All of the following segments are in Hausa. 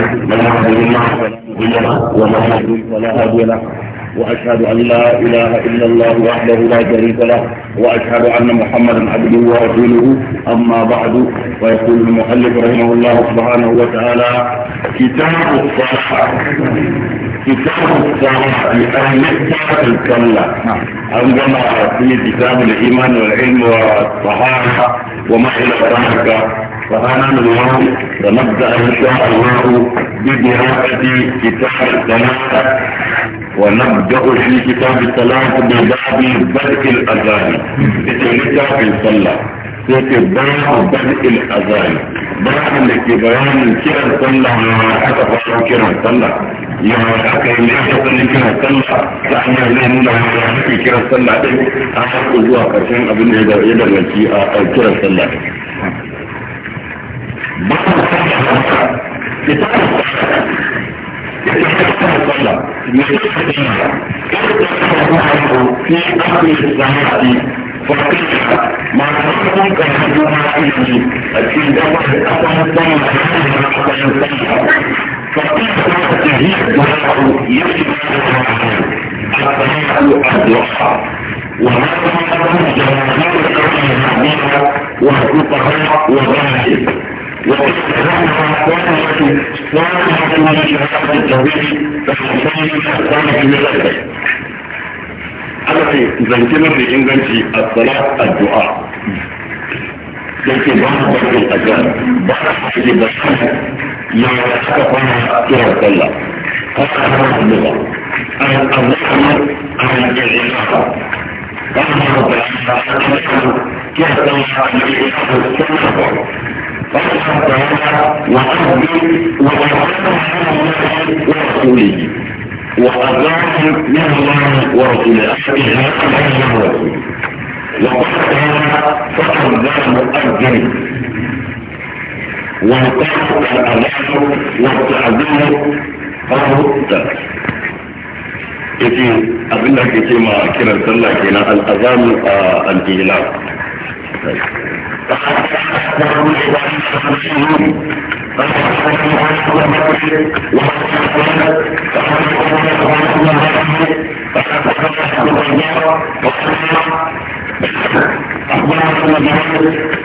من الله هادي له وأشهد أن لا إله إلا الله وحده لا شريك له وأشهد أن محمدا عبده ورسوله أما بعد فيقول المؤلف رحمه الله سبحانه وتعالى كتاب الصلاة كتاب الصلاة لأهل الكلة عندما في كتاب الإيمان والعلم والطهارة وما إلى ذلك فأنا اليوم سنبدأ إن شاء الله بدراسة كتاب الثلاثة ونبدأ في كتاب الثلاثة بباب بدء الأذان بتلك في الصلاة في باب بدء الأذان باب لكبيان كرة الصلاة يا أكا فشو كرة الصلاة يا أكا إن أحد من كرة الصلاة تحنى إليه مولا يا أكا كرة الصلاة أحد أجوها فشان أبن إذا إذا لكي أكا كرة الصلاة بعض الصحة لتعرف يتحدث الله يتحدث الله في أمر الزهاد فقط ما تكون كهدوها إلي في دور الأطم الضمن الأطم الضمن فقط ما تهيئ دعاه يجب الضمن الدعاء وما تكون جماهير الأطم الضمن وهو طهر وظاهر Alaƙi zance mafi inganci a tsara addu'a, yake ba a ƙarfi a jan ba a ƙarfi ba ya aka fara kiran sallah, aka fara addu'a, an abuwa an ƙirƙirar ba, ba a ƙarfi ba a ƙarfi kiran sallah a ƙarfi فأشهد وأدرك وأقام على الله ورسوله وأقام من الله ورسوله أشهد أن الله ورسوله وقد هذا مؤذن وانتهت الأذان والتأذين فرهبت yake abin da ake ce ma kiran sallah kenan al'azamu a al'ila فقد تحدثوا لضعيف المسلمين فقد تحدثوا عن كل وقد فقد تحدثوا عن كل واحد فقد تحدثوا عن جاره وقد تحدثوا عن جاره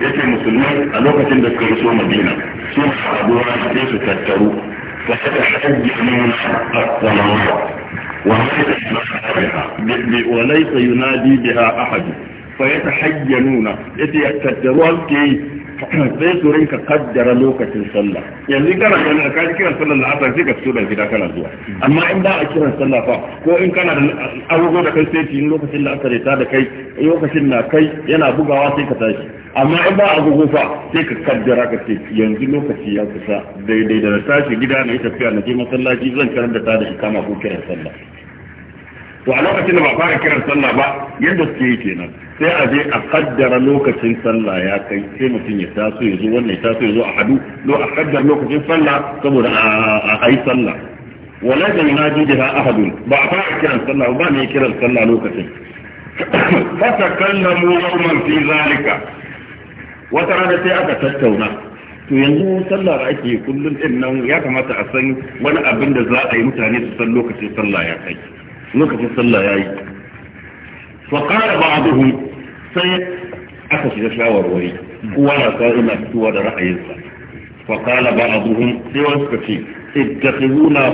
ya ce musulmai a lokacin da suka iso madina sun haɗuwa sai su tattaru fa suka hajjina as-salawat wa hajjina biha wa laysa yunadi biha ahadu fa ya nuna yace ya tattaruwa suke yi sai su rinka kaddara lokacin sallah yanzu kana yana ka ji kiran sallah la'asar sai ka fito da gida kana zuwa amma in ba a kiran sallah fa ko in kana da abubuwa da kai sai in lokacin la'asar ta da kai lokacin na kai yana bugawa sai ka tashi amma in ba a agogo fa sai ka kaddara ka ce yanzu lokaci ya kusa daidai da na tashi gida na yi tafiya na je masallaci zan karanta da ikama ko kiran sallah to a lokacin da ba fara kiran sallah ba yadda suke yi kenan sai a je a kaddara lokacin sallah ya kai sai mutum ya taso ya zo wannan ya taso ya zo a hadu do a kaddara lokacin sallah saboda a ai sallah wala da yunaji da ahadun ba a fara kiran sallah ba ne kiran sallah lokacin kallamu yawman fi zalika wata rana sai aka tattauna to yanzu sallah da ake kullun din nan ya kamata a san wani abin da za a yi mutane su san lokacin sallah ya kai lokacin sallah ya yi faƙara ba abuhu sai aka shiga shawarwari kowa na sa ina fitowa da ra'ayinsa faƙala ba abuhu sai wani suka ce ittakhidhu na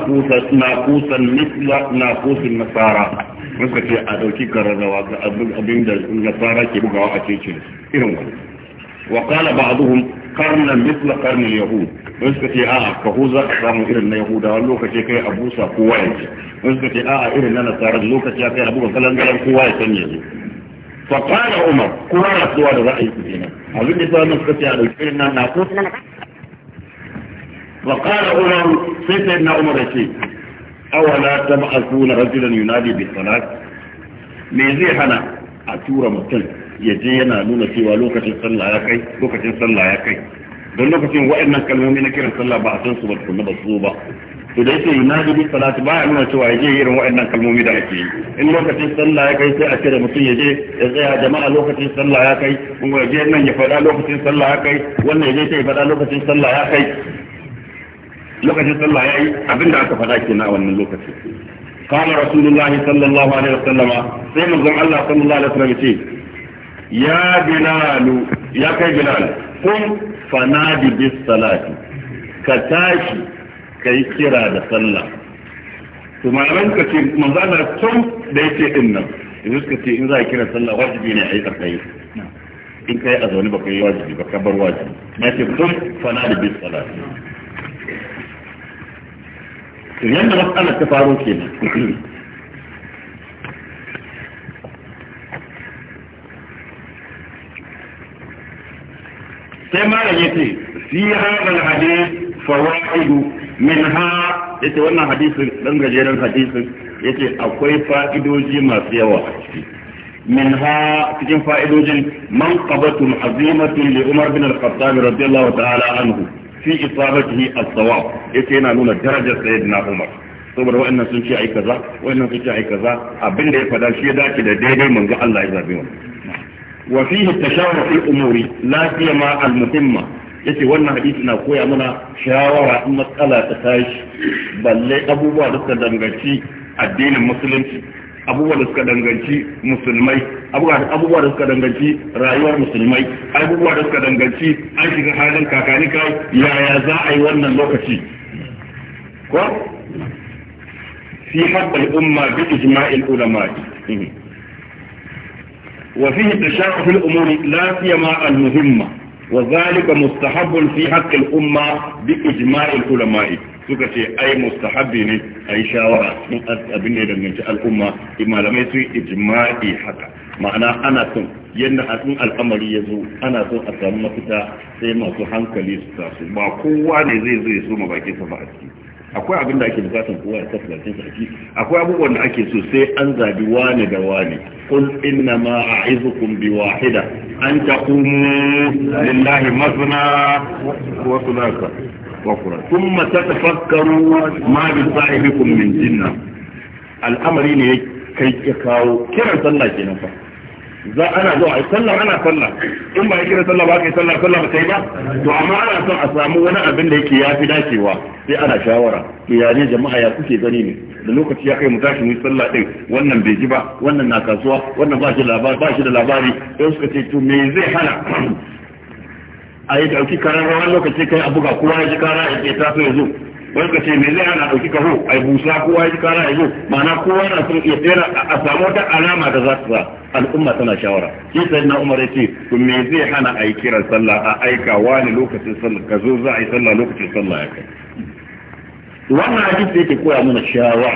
naqusan mithla naqusin nasara suka ce a dauki kararrawa ga abin da nasara ke bugawa a cikin irin wannan وقال بعضهم قرنا مثل قرن اليهود وسكتي آه كهوزا قام إرن يهودا لوكتي كي أبوسا كوايت وسكتي آه الى أنا صار لوكتي كي أبوسا كلام كلام كوايت يجي فقال عمر كوايت دوار رأي كتينا أبني صار نسكتي على الفرنا ناقوس وقال عمر سيدنا عمر يشيك أولا تبعثون رجلا ينادي بالصلاة ميزي هنا أتورا متنك ya je yana nuna cewa lokacin sallah ya kai lokacin sallah ya kai don lokacin waɗannan kalmomi na kiran sallah ba a san su ba kuma ba su ba to da yake yunadi bi salati ba ya nuna cewa ya je irin waɗannan kalmomi da ake yi in lokacin sallah ya kai sai a kira mutum ya je ya tsaya jama'a lokacin sallah ya kai kuma ya je nan ya faɗa lokacin sallah ya kai wannan ya je sai ya faɗa lokacin sallah ya kai lokacin sallah ya yi abinda aka faɗa kenan a wannan lokacin قال رسول الله صلى الله عليه وسلم سيما الله صلى الله عليه وسلم ya binalu ya kai binalu kun fanadi bis salati ka tashi ka yi kira da sallah to malaman ka ce manzana tun da yake din nan yanzu suka ce in za a kira sallah wajibi ne a yi tsakayi in kai a zaune baka yi wajibi baka bar wajibi na ce kun fanadi bis salati to yanda matsalar ta faru kenan كما يتي في هذا الحديث فوائد منها يتي وانا حديث لن جيرا الحديث يتي اكوي فائدوجي ما سيوا منها تجين فائدوجي منقبة عظيمة لعمر بن الخطاب رضي الله تعالى عنه في إصابته الصواب يتي نانونا درجة سيدنا عمر saboda wa'annan sun ci ai kaza wa'annan sun ci ai kaza abin da ya fada shi ya dace da daidai mun Allah ya zabe wannan wa fihi tashawur fil umuri la siyama al muhimma yace wannan hadisi na koya mana shawara in matsala ta tashi balle abubuwa da suka danganci addinin musulunci abubuwa da suka danganci musulmai abubuwa da suka danganci rayuwar musulmai abubuwa da suka danganci an shiga halin kakani kai yaya za a yi wannan lokaci ko fi haɗa umma bi ijma'il ulama وفيه التشاع في الأمور لا سيما Wazalika وذلك مستحب في حق الأمة بإجماع العلماء suka ce ai mustahabbi ne ai shawara sun abin da danganci al'umma malamai sun ijma'i haka ma'ana ana son yadda hatsin al'amari ya zo ana son a samu mafita sai masu hankali su tasu ba kowa ne zai zo ya so ma bakin sa ba a ciki akwai abin da ake bukatan kowa ya kasance sarki akwai abubuwan da ake so sai an zabi wani da wani qul inna ma a'izukum bi wahida an taqumu lillahi masna wa thulatha wa qurra thumma tafakkaru ma bi sahibikum min jinna al'amari ne ya kai ya kawo kiran sallah kenan fa za ana zuwa ai sallah ana sallah in ba ya kira sallah ba kai sallah sallah ba kai ba to amma ana son a samu wani abin da yake fi dacewa sai ana shawara to ya ne jama'a ya kuke gani ne da lokaci ya kai mu tashi mu sallah din wannan bai ji ba wannan na kasuwa wannan ba shi labari ba shi da labari sai suka ce to me zai hana a yi dauki karan rawan lokaci kai a buga kowa ya ji kara ya ce ta so ya zo wanda ce me zai ana ɗauki kaho a yi busa kowa ya ji kara ya zo ma'ana kowa na son iya tsera a samu wata alama da za ta sa al'umma tana shawara shi sai na umar ya ce to me zai hana a yi kiran sallah a aika wani lokacin sallah ka zo za a yi sallah lokacin sallah ya kai wannan hadisi yake koya mana shawara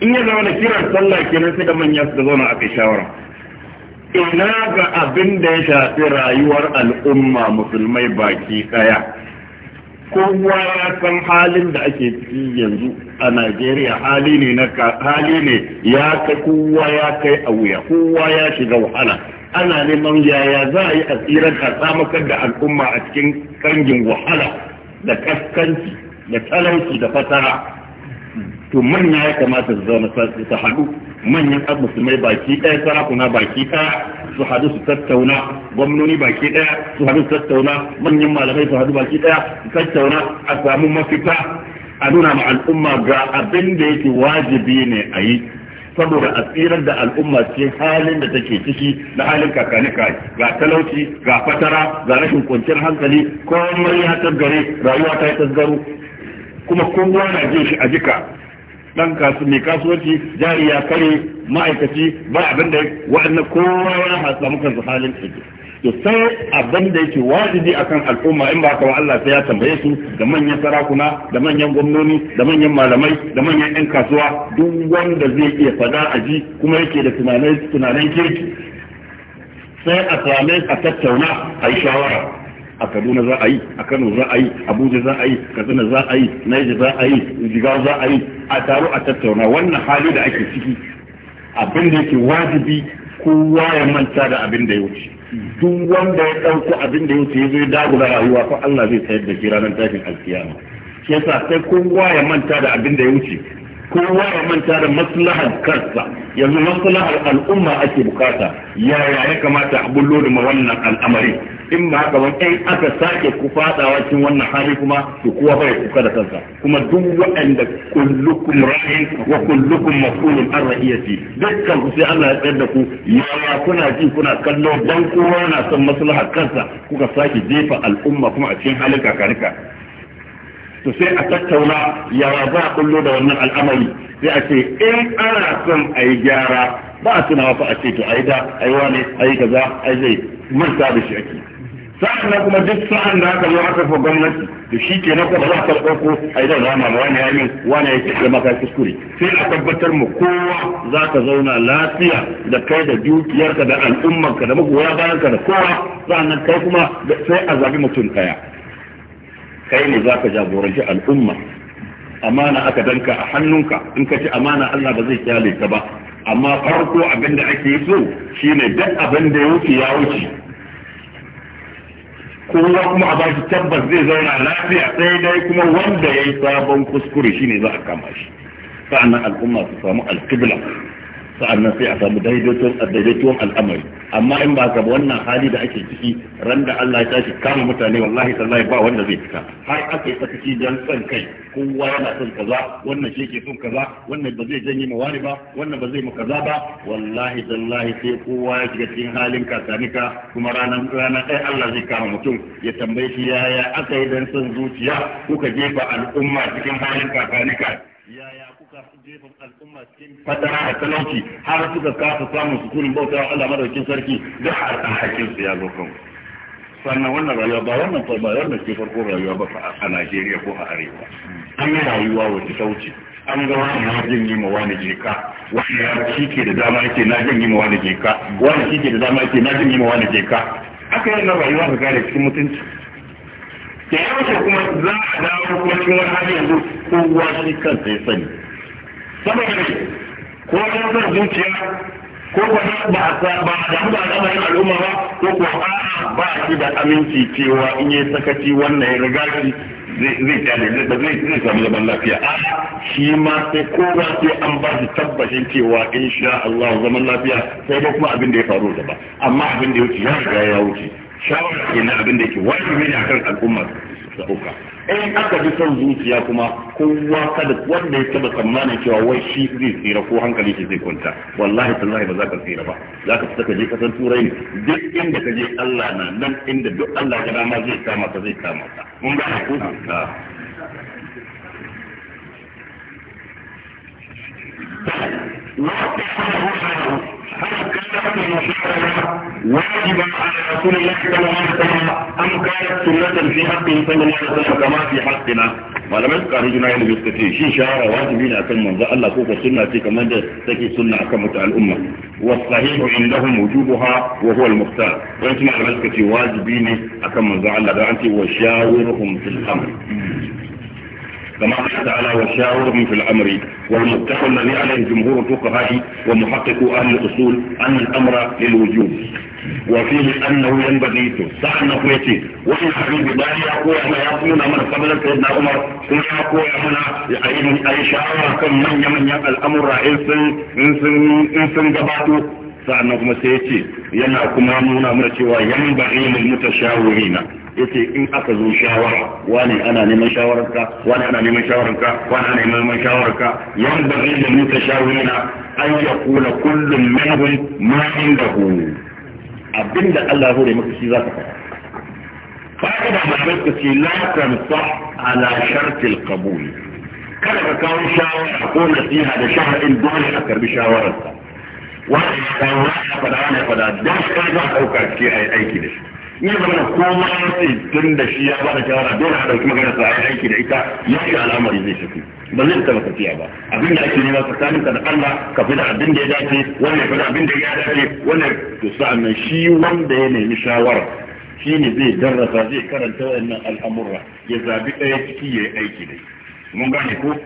in ya zama na kiran sallah kenan sai da manya su zauna a kai shawara ina ga abin da ya shafi rayuwar al'umma musulmai baki ɗaya kowa ya san halin da ake ciki yanzu a Najeriya hali ne na hali ne ya kai kowa ya kai a wuya kowa ya shiga wahala ana neman yaya za a yi a tsirar ta tsamakar da al'umma a cikin kangin wahala da kaskanci da talauci da fatara to manya ya kamata su zauna su haɗu manyan ɗan musulmai baki ɗaya sarakuna baki ɗaya su haɗu su tattauna gwamnoni baki ɗaya su haɗu su tattauna manyan malamai su haɗu baki ɗaya su tattauna a samu mafita a nuna ma al'umma ga abin da yake wajibi ne a yi saboda a tsirar da al'umma ce halin da take ciki na halin kakani ga talauci ga fatara ga rashin kwanciyar hankali komai ya tasgare rayuwa ta yi tasgaro kuma kowa na jin shi a jika dan kasu mai kasuwanci jari ya kare ma'aikaci ba abin da wa'annan kowa ya samu su halin ciki to sai abin da yake wajibi akan al'umma in ba kawai Allah sai ya tambaye su da manyan sarakuna da manyan gwamnoni da manyan malamai da manyan 'yan kasuwa duk wanda zai iya fada a ji kuma yake da tunanin kirki sai a same a tattauna a yi shawara a kaduna za a yi a kano za a yi abuja za a yi katsina za a yi naija za a yi jigawa za a yi a taro a tattauna wannan hali da ake ciki abin da yake wajibi kowa ya manta da abin da ya wuce duk wanda ya ɗauko abin da ya wuce ya zo ya dagula rayuwa fa Allah zai tsayar da shi ranar tashin alkiyama shi yasa sai kowa ya manta da abin da ya wuce kowa ya manta da maslahar kansa yanzu maslahar al'umma ake bukata yaya ya kamata a bullo da wannan al'amari in ba haka ba in aka sake ku fadawa cikin wannan hali kuma to kowa bai kuka da kansa kuma duk waɗanda kullukum ra'in wa kullukum mas'ulun an ra'iyati dukkan ku sai Allah ya tsayar da ku yawa kuna ji kuna kallo dan kowa na son maslahar kansa kuka sake jefa al'umma kuma a cikin halin kakarika to sai a tattauna yawa za a kullo da wannan al'amari sai a ce in ana son a yi gyara ba a tunawa fa a ce to yi da ai wane yi kaza ai zai manta da shi ake sa'an nan kuma duk sa'an da aka zo aka fa gwamnati da shi ke na kuma za ta ko a idan rama ma wani ya yi wani ya ke da maka kuskure sai a tabbatar mu kowa za ka zauna lafiya da kai da dukiyarka da al'ummarka da magoya bayanka da kowa sa'an nan kai kuma sai a zabi mutum ɗaya kai ne za ka jagoranci al'umma amana aka danka a hannunka in ka ci amana Allah ba zai kyale ka ba amma farko abinda da ake so shine duk abin da ya ya wuce kowa kuma a baki tabbas zai zauna lafiya sai dai kuma wanda ya yi sabon kuskure shine za a kama shi sa'annan al'umma su samu alƙibla sa'an nan sai a samu daidaituwan al'amari amma in ba ka wannan hali da ake ciki ran da Allah ya tashi kama mutane wallahi tallahi ba wanda zai fita har aka yi sakaci dan son kai kowa yana son kaza wannan shi ke son kaza wannan ba zai janye mawari ba wannan ba zai mu kaza ba wallahi tallahi sai kowa ya shiga cikin halin kasanika kuma ranar rana ɗaya Allah zai kama mutum ya tambaye shi yaya aka yi dan son zuciya kuka jefa al'umma cikin halin kakanika jefa al'umma cikin fatara a talauci har suka kafa samun sukunin bauta bautawa Allah madaukin sarki da a hakin su ya zo kan sannan wannan rayuwa ba wannan ba wannan ce farko rayuwa ba a Najeriya ko a Arewa an yi rayuwa wacce ta wuce an ga wani na yi ma wani jeka wani ya shi ke da dama yake na yi ma wani jeka wani shi ke da dama yake na yi ma wani jeka aka yi na rayuwa ka gane cikin mutunci da yawanci kuma za a dawo kuma cikin wani hali yanzu kowa shi kansa ya sani saboda ne ko wajen zuciya ko kuma ba da ba a damu da al'umma ba ko ko a'a ba shi da aminci cewa in yi sakaci wannan ya riga shi zai kyale da zai samu zaman lafiya a shi ma sai kowa sai an ba shi tabbacin cewa in sha Allah zaman lafiya sai ba kuma abin da ya faru da ba amma abin da ya wuce ya riga ya wuce shawara kenan abin da yake wajibi ne akan al'umma sauka in aka bi son zuciya kuma kowa kada wanda ya taba tsammanin cewa wai shi zai tsira ko hankali shi zai kwanta wallahi tallahi ba za ka tsira ba za ka fita ka je kasan turai duk inda ka je Allah na nan inda duk Allah ya dama zai kama ka zai kama ka mun ga ku واجبا على رسول الله صلى الله عليه وسلم ام كانت سنه في حق صلى الله عليه وسلم كما في حقنا ولا من قال لنا من يستطيع شي شعر واجب على من ذا الله كوكو في كمان ده تكي سنه اكم الامه والصحيح عندهم وجوبها وهو المختار وانت ما قلت واجبين اكم من ذا الله ده وشاورهم في الامر كما قال تعالى وشاورهم في الأمر والمتفق الذي عليه جمهور الفقهاء ومحقق أهل الأصول أن الأمر للوجوب وفيه أنه ينبغي سألنا كويتي وفي حبيب الله يقول أنا يقول من قبل سيدنا عمر كل يقول أنا أي شاور كم من يمن الأمر إنسن إنسن إنسن جباته sa'annan kuma sai yace yana kuma nuna mana cewa yan bari lil mutashawirina yace in aka zo shawara wani ana neman shawararka wani ana neman shawararka wani ana neman shawararka yan bari lil mutashawirina ay yaqula kullu minhum ma indahu abinda Allah hore maka shi zaka faɗa fa'ida da malamai suka ce la tansah ala shart al qabul kada ka kawo shawara ko nasiha da shawarin dole ka karbi shawararka wani ya faɗa wani ya faɗa don kai za a ɗauka ke a yi aiki da shi ne zama da koma ya ce tun da shi ya ba da shawara dole a ɗauki magana sa a yi aiki da ita ya ce al'amari zai shafi ba zai taɓa tafiya ba abin da ake nema tsakanin ka da Allah ka fi da abin da ya dace wanda ya fi da abin da ya dace wanda to sa'an nan shi wanda ya nemi shawara shi ne zai darasa zai karanta wannan al'amura ya zabi ɗaya ciki ya yi aiki da shi mun gane ko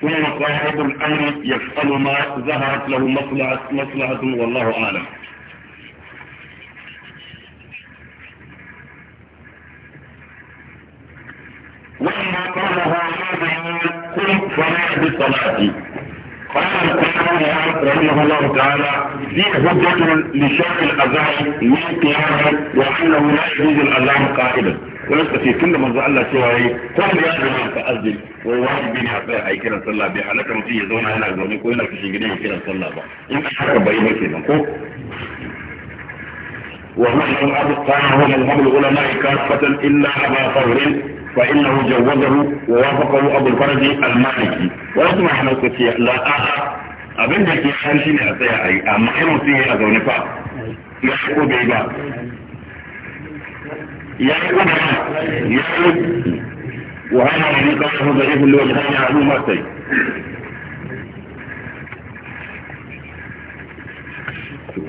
ثم صاحب الأمر يفعل ما ظهرت له مصلحة, مصلحة والله أعلم وإن قالها هذا فلا بصلاتي قال القرآن رحمه الله تعالى في حجة لشرح الأذان من قيامه وأنه لا يجوز الأذان قائدا wani suka ce tun da manzo Allah cewa yayi ko ya zama ka azumi wai wajibi ne a tsaya a yi kiran sallah bai halaka mutum ya zauna yana zaune ko yana kishin gidan ya kiran sallah ba in ka haka bai ba kenan ko ونحن الثاني هو مذهب العلماء كافة إلا أبا ثور فإنه جوزه ووافقه أبو الفرج المالكي ويسمع حنوكتي لا أخر أبن جكي حنشي نعطيها أي أما حنوكتي أزونفا يحقو بيبا يعني يعني وهذا من قصه ضعيف لوجهان معلومتين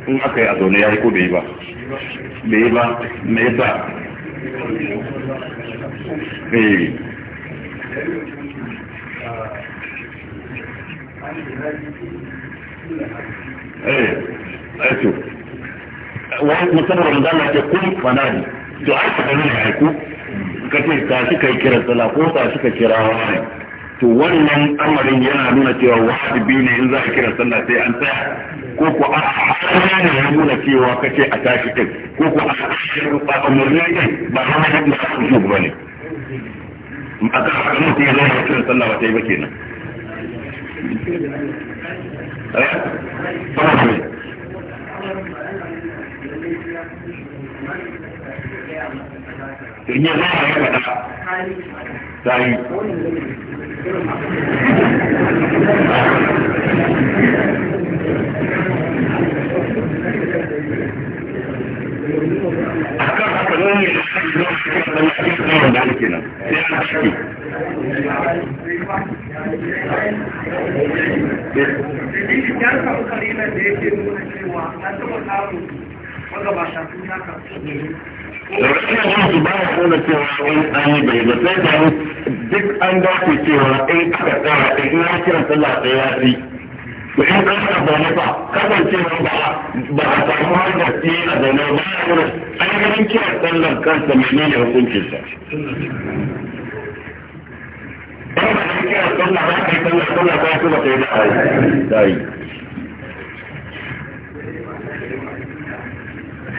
in aka yi a zaune ya yi ko bai ba bai ba me yasa eh eh aito wani musamman da ke kun fanadi to an ka nuna ya ku ka ce ta shi yi kira sallah ko ta shi ka kira wani to wannan amarin yana nuna cewa wajibi ne in za a kira sallah sai an tsaya ko ko a hana ne ya nuna cewa ka ce a tashi kai ko ko a umarnin kai ba hana ne ba su shi ba ne a kan haka mutum ya zama ya kira sallah ba ta yi ba kenan. Eh? to in ya zama ya faɗa sai haka ne da ake nan sai an da yake nuna cewa taɓa magabata sun ya ina yanki ba ya nuna cewa wani tsani bai ba sai da duk an dace cewa in aka tsara in ya kira sallah sai ya fi to in an ka zaune fa kasancewa ba ba a samu hanyar tsaye a zaune ba ya nuna ainihin kira sallar kansa menene hukuncinsa Ba ba da kira sallah ba ka yi sallah sallah ba su ba ta yi da ayi.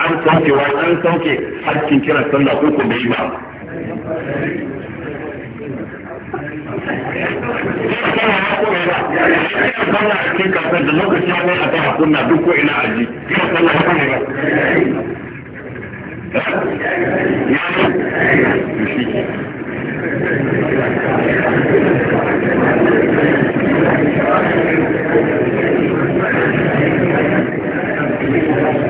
an sauke wa an sauke hakkin kiran sallah ko ko bai ba da lokaci ne a kan hakunna duk ko ina ba. Thank you.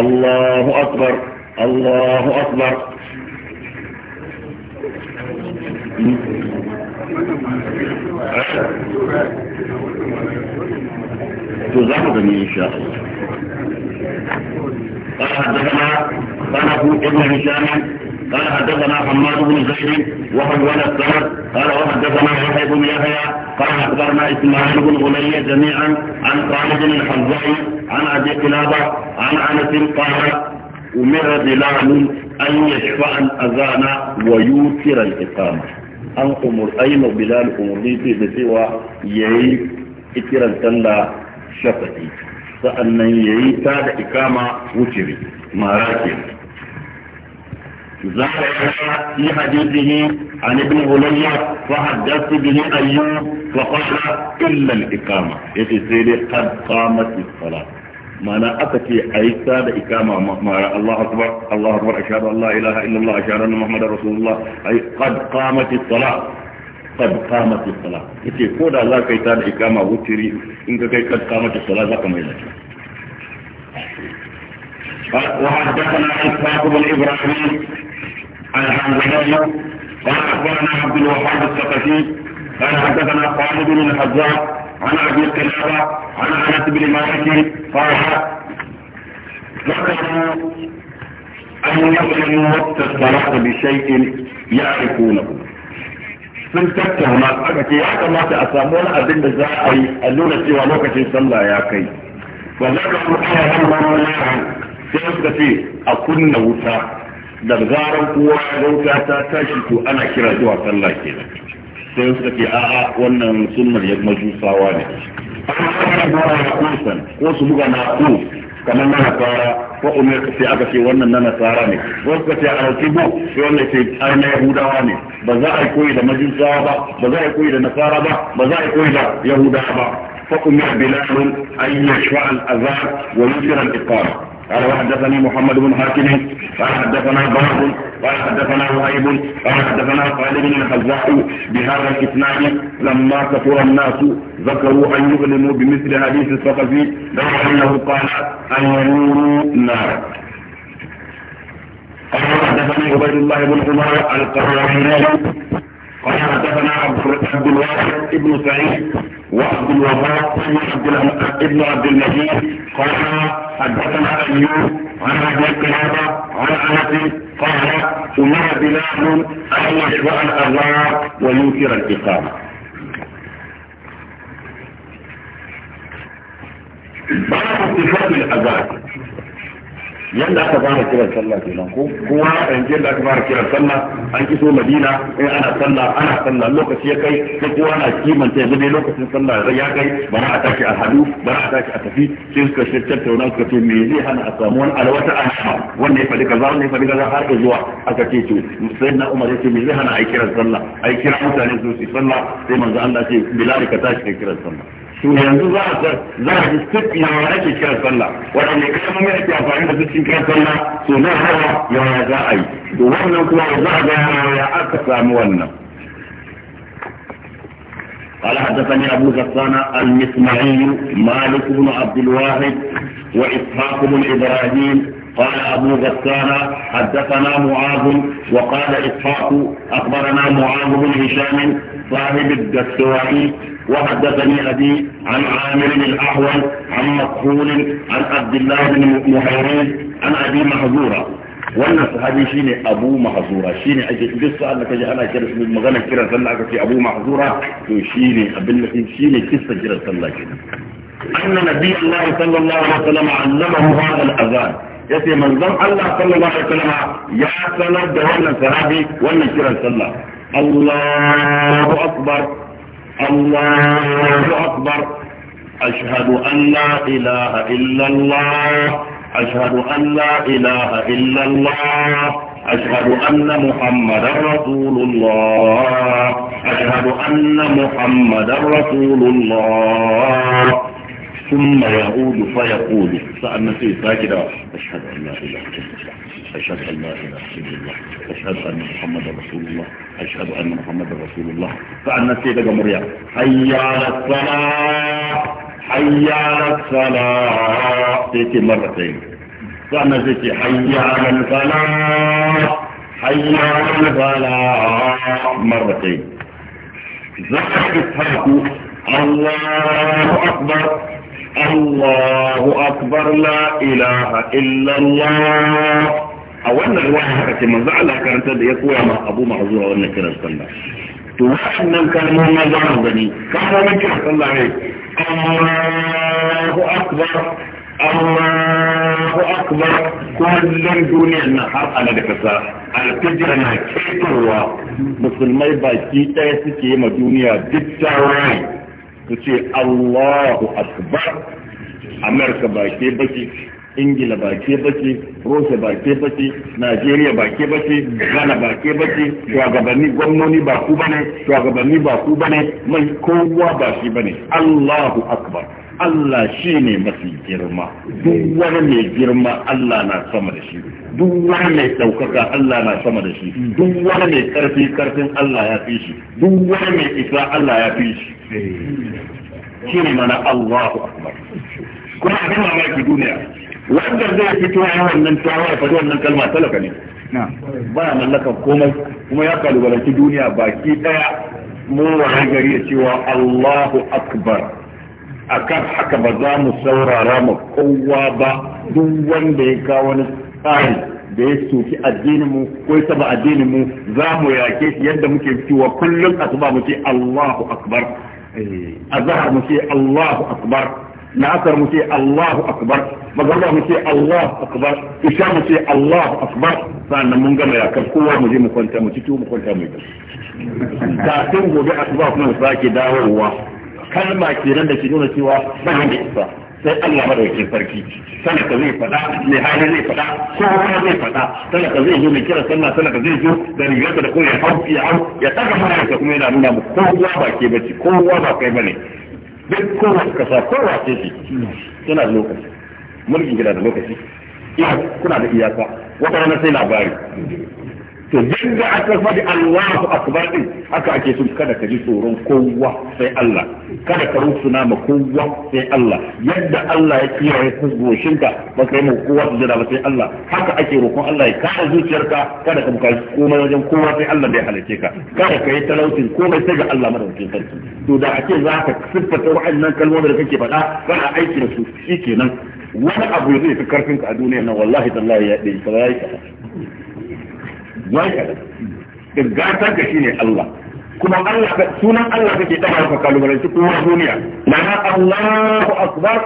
الله أكبر الله أكبر تزعبني إن شاء الله قال حدثنا ابن هشام قال حدثنا حماد بن زيد وهو ولد الثلاث قال وحدثنا يحيى بن يحيى قال اخبرنا اسماعيل بن غنيه جميعا عن خالد الحزائي عن أبي قلابة عن أنس قال أمر بلال أن يشفع الأذان ويوتر الإقامة أن أمر أين بلال لي في بسوى يي إكرا صلى شفتي فأن يي تاد إقامة وتري ما راكب ذكر في حديثه عن ابن غلية فحدثت به أيوب فقال إلا الإقامة إذ قد قامت الصلاة ma'ana aka ce a yi sada ikama mara Allah akbar Allah akbar ashhadu an la ilaha illallah ashhadu anna muhammadar rasulullah ay qad qamat as-salah qad qamat as-salah yace ko da za ka yi sada ikama wutiri in ka kai qad qamat as-salah za ka mai da وحدثنا إسحاق بن إبراهيم عن حمزة قال أخبرنا عبد الوهاب الثقفي قال حدثنا خالد بن الحجاج عن عبد قلابه عن انس بن مالك قال ذكروا ان يظلموا وقت الصلاه بشيء يعرفونه sun tattauna aka ce ya kamata a samu wani abin da za a yi a nuna cewa lokacin sallah ya kai ba za ka kuma ana hannun sai suka ce a kunna wuta da zarar kowa ya wuta ta tashi to ana kira zuwa sallah kenan sai suka ce a'a wannan sunnar ya majusawa ne ko su buga na ku kamar na nasara ko umar sai aka ce wannan na nasara ne ko suka ce a rakibu sai wannan ce ai na yahudawa ne ba za a yi koyi da majusawa ba ba za a yi koyi da nasara ba ba za a yi koyi da yahudawa ba fa umar bilalun an yashfa al-azab wa yusra al-iqama قال وحدثني محمد بن حاكم قال حدثنا بعض قال حدثنا وهيب قال حدثنا خالد بن الخزاع بهذا الاسناد لما كثر الناس ذكروا ان يؤلموا بمثل حديث الثقفي لو انه قال ان ينوروا النار قال وحدثني عبيد الله بن عمر القراني قال حدثنا عبد الواحد ابن سعيد وعبد الوهاب ابن عبد المجيد قال حدثنا ايوب عن ابي قلابه عن انس قال امر بلال ان يشبع الاغراض وينكر الاقامه بعض صفات الاذان yanda aka fara kiran sallah kenan ko kuma yanzu yanda aka fara kiran sallah an kiso madina in eh, ana sallah ana sallah lokaci ya kai sai kowa na kimanta yanzu dai lokacin sallah ya kai bara a tashi a hadu bara a tashi a tafi sai suka shi tattauna suka ce me zai hana a samu wani alwata an sha wanda ya faɗi kaza wanda ya faɗi kaza har da zuwa aka ce to sai na umar ya ce me zai hana a yi kiran sallah a yi kiran mutane su su sallah sai manzo Allah ce bilal ka tashi ka kiran sallah to yanzu za a za a duk yawa ake kira sallah waɗanne kalmomi ake amfani da cikin kira sallah to na hawa yawa za a yi to wannan kuma za a ga ya aka samu wannan قال حدثني أبو غسان المسمعي مالك بن عبد الواحد وإسحاق بن إبراهيم قال أبو غسان حدثنا معاذ وقال إسحاق أخبرنا معاذ بن هشام صاحب الدستوائي وحدثني أبي عن عامر الأحول عن مقفول عن عبد الله بن محيرين عن أبي محزورة والناس هذه شيني أبو محزورة شيني أجي قصة أنك جاء أنا كده اسم المغنى كده سنة في أبو محزورة شيني أبن شيني قصة كده سنة كده أن نبي الله صلى الله عليه وسلم علمه هذا الأذان يتي من ظن الله صلى الله عليه وسلم يا سلام دوانا سهابي وانا كرا الله الله أكبر الله أكبر أشهد أن لا إله إلا الله أشهد أن لا إله إلا الله أشهد أن محمدا رسول الله أشهد أن محمدا رسول الله ثم يعود فيقول فأنا في فاكرة أشهد أن لا إله إلا الله أشهد أن لا إله إلا الله أشهد أن محمد رسول الله أشهد أن محمد رسول الله فأنا في دقة مريا حي على الصلاة حي على الصلاة تيتي مرتين فأنا تيتي حي على الصلاة حي على الصلاة مرتين ذكرت الله أكبر الله أكبر لا إله إلا الله a wannan ruwa haka ce manzo Allah karanta da ya koya ma Abu Mahzura wannan kiran sallah to wannan kalmomi na zamu gani kalmomin kiran sallah ne Allahu akbar Allahu akbar kullum duniyar nan har ana da kasa alfijira na ketowa musulmai baki ɗaya suke yi ma duniya duk tawaye ku ce Allahu akbar Amerika ba ke baki Ingila ba ke baki Russia ba ke baki Najeriya ba ke baki Ghana ba ke baki shugabanni gwamnoni ba ku bane shugabanni ba ku bane mai kowa ba shi bane Allahu akbar Allah shine mafi girma duk wani mai girma Allah na sama da shi duk wani mai ɗaukaka Allah na sama da shi duk wani mai karfi karfin Allah ya fi shi duk wani mai isa Allah ya fi shi shi ne mana Allahu akbar kuma a kan mamaki duniya wanda zai fito ya wannan tawa ya faɗi wannan kalma talaka ne ba ya mallakan komai kuma ya kalubalanci duniya baki ɗaya mu wani gari ya cewa Allahu akbar akan haka ba za mu saurara ma kowa ba duk wanda ya kawo wani tsari da ya soki addinin mu ko ya saba addinin mu za mu yake shi yadda muke cewa kullum asuba mu ce Allahu akbar eh, azhar mu ce Allahu akbar mu ce Allahu akbar magana mu ce Allahu akbar isha mu ce Allahu akbar sannan mun gama kowa mu je mu kwanta mu ci mu kwanta mu gobe asuba kuma sake dawowa kalma kenan da ke nuna cewa ba da isa sai Allah madaukakin sarki sanaka zai fada ne hali zai fada ko kowa zai fada sanaka zai zo mai kira sanna sanaka zai zo da rigarsa da kuma ya hau ya hau ya saka mana kuma yana nuna mu kowa ba ke bace kowa ba kai bane duk kowa ka sa kowa ce shi yana da lokaci mulkin gida da lokaci kuna da iyaka wata rana sai labari to yadda aka faɗi Allahu akbar din haka ake so kada ka ji tsoron kowa sai Allah kada ka rusuna ma kowa sai Allah yadda Allah ya kiyaye goshinka ba kai mu kowa su jira ba sai Allah haka ake roƙon Allah ya kare zuciyarka kada ka buƙaci komai wajen kowa sai Allah bai halice ka kada ka yi talaucin komai sai ga Allah madaukakin sarki to da ake za ka siffata wa'annan kalmomin da kake faɗa kana aiki da su shikenan wani abu zai fi karfin ka a duniya nan wallahi tallahi ya ɗaya ka wai ka da ka shine Allah kuma Allah sunan Allah kake daga ka kalubalanci kowa duniya ma'ana Allahu akbar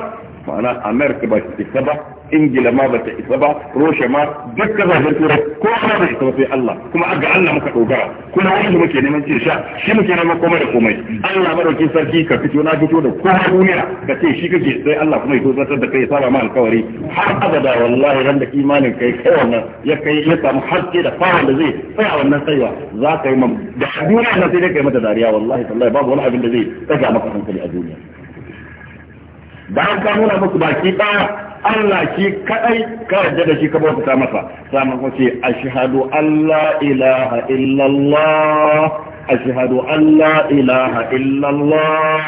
ma'ana America ba ta ba ingila ma bata isa ba roshe ma duk kasashen turai ko ana da isa sai Allah kuma ga Allah muka dogara kuma da muke neman ce sha shi muke neman komai da komai Allah madauki sarki ka fito na fito da kowa duniya da ce shi kake sai Allah kuma ya tozartar da kai ya saba ma alkawari har abada wallahi ran da imanin kai kai wannan ya kai ya samu haske da fara da zai tsaya wannan tsayuwa za ka yi da duniya na sai dai kai mata dariya wallahi tallahi babu wani abin da zai tsaga maka hankali a duniya bayan ka nuna musu baki ɗaya Allah shi kadai ka yarda da shi ka bauta masa sannan kuma ce ashhadu alla ilaha illallah ashhadu alla ilaha illallah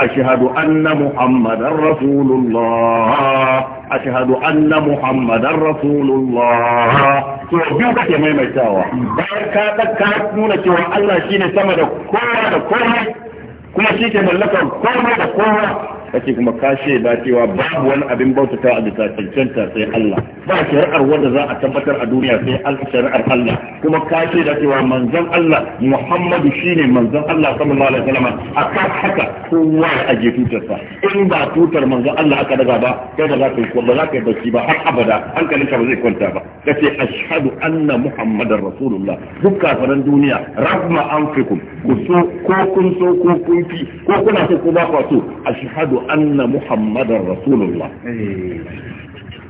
ashhadu anna muhammadar rasulullah ashhadu anna muhammadar rasulullah to biyu kake maimaitawa bayan ka ka nuna cewa Allah shine sama da kowa da kowa kuma shi ke mallakar kowa da kowa kace kuma ka shaida cewa babu wani abin bautata a bisa cancanta sai Allah ba shari'ar wanda za a tabbatar a duniya sai Allah shari'ar Allah kuma ka da cewa manzon Allah Muhammadu shine manzon Allah sallallahu alaihi wasallam ka haka kowa ya aje tutarsa in ba tutar manzon Allah aka daga ba kai da za ka yi ba za ka yi bacci ba har abada hankalinka ba zai kwanta ba kace ashhadu anna muhammadar rasulullah duk kafiran duniya rabma anfikum ku so ko kun so ko kun fi ko kuna so ko ba ku so ashhadu أن محمد رسول الله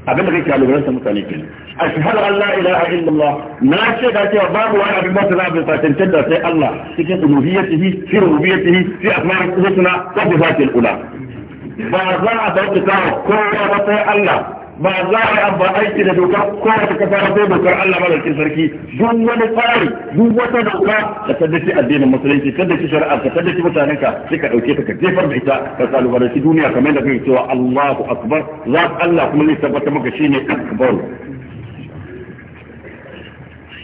أبن غيك يا لبنسة متعليكين أشهد أن لا إله إلا الله ناشد أشياء باب وأنا بموت الله بفاتن تدى سي الله تكي ألوهيته في ربيته في أسماء رسولنا وفي ذات الأولى فأزلع ذات الله كل ربطة الله ba za a yi aiki da doka ko wata kasa sai dokar Allah madaukin sarki duk wani tsari duk wata doka ka kaddace addinin musulunci kaddace shari'a ka kaddace mutanen ka sai ka dauke ta ka jefar da ita ka kalubalanci duniya kamar da kake cewa Allahu akbar za Allah kuma zai tabbatar maka shine akbar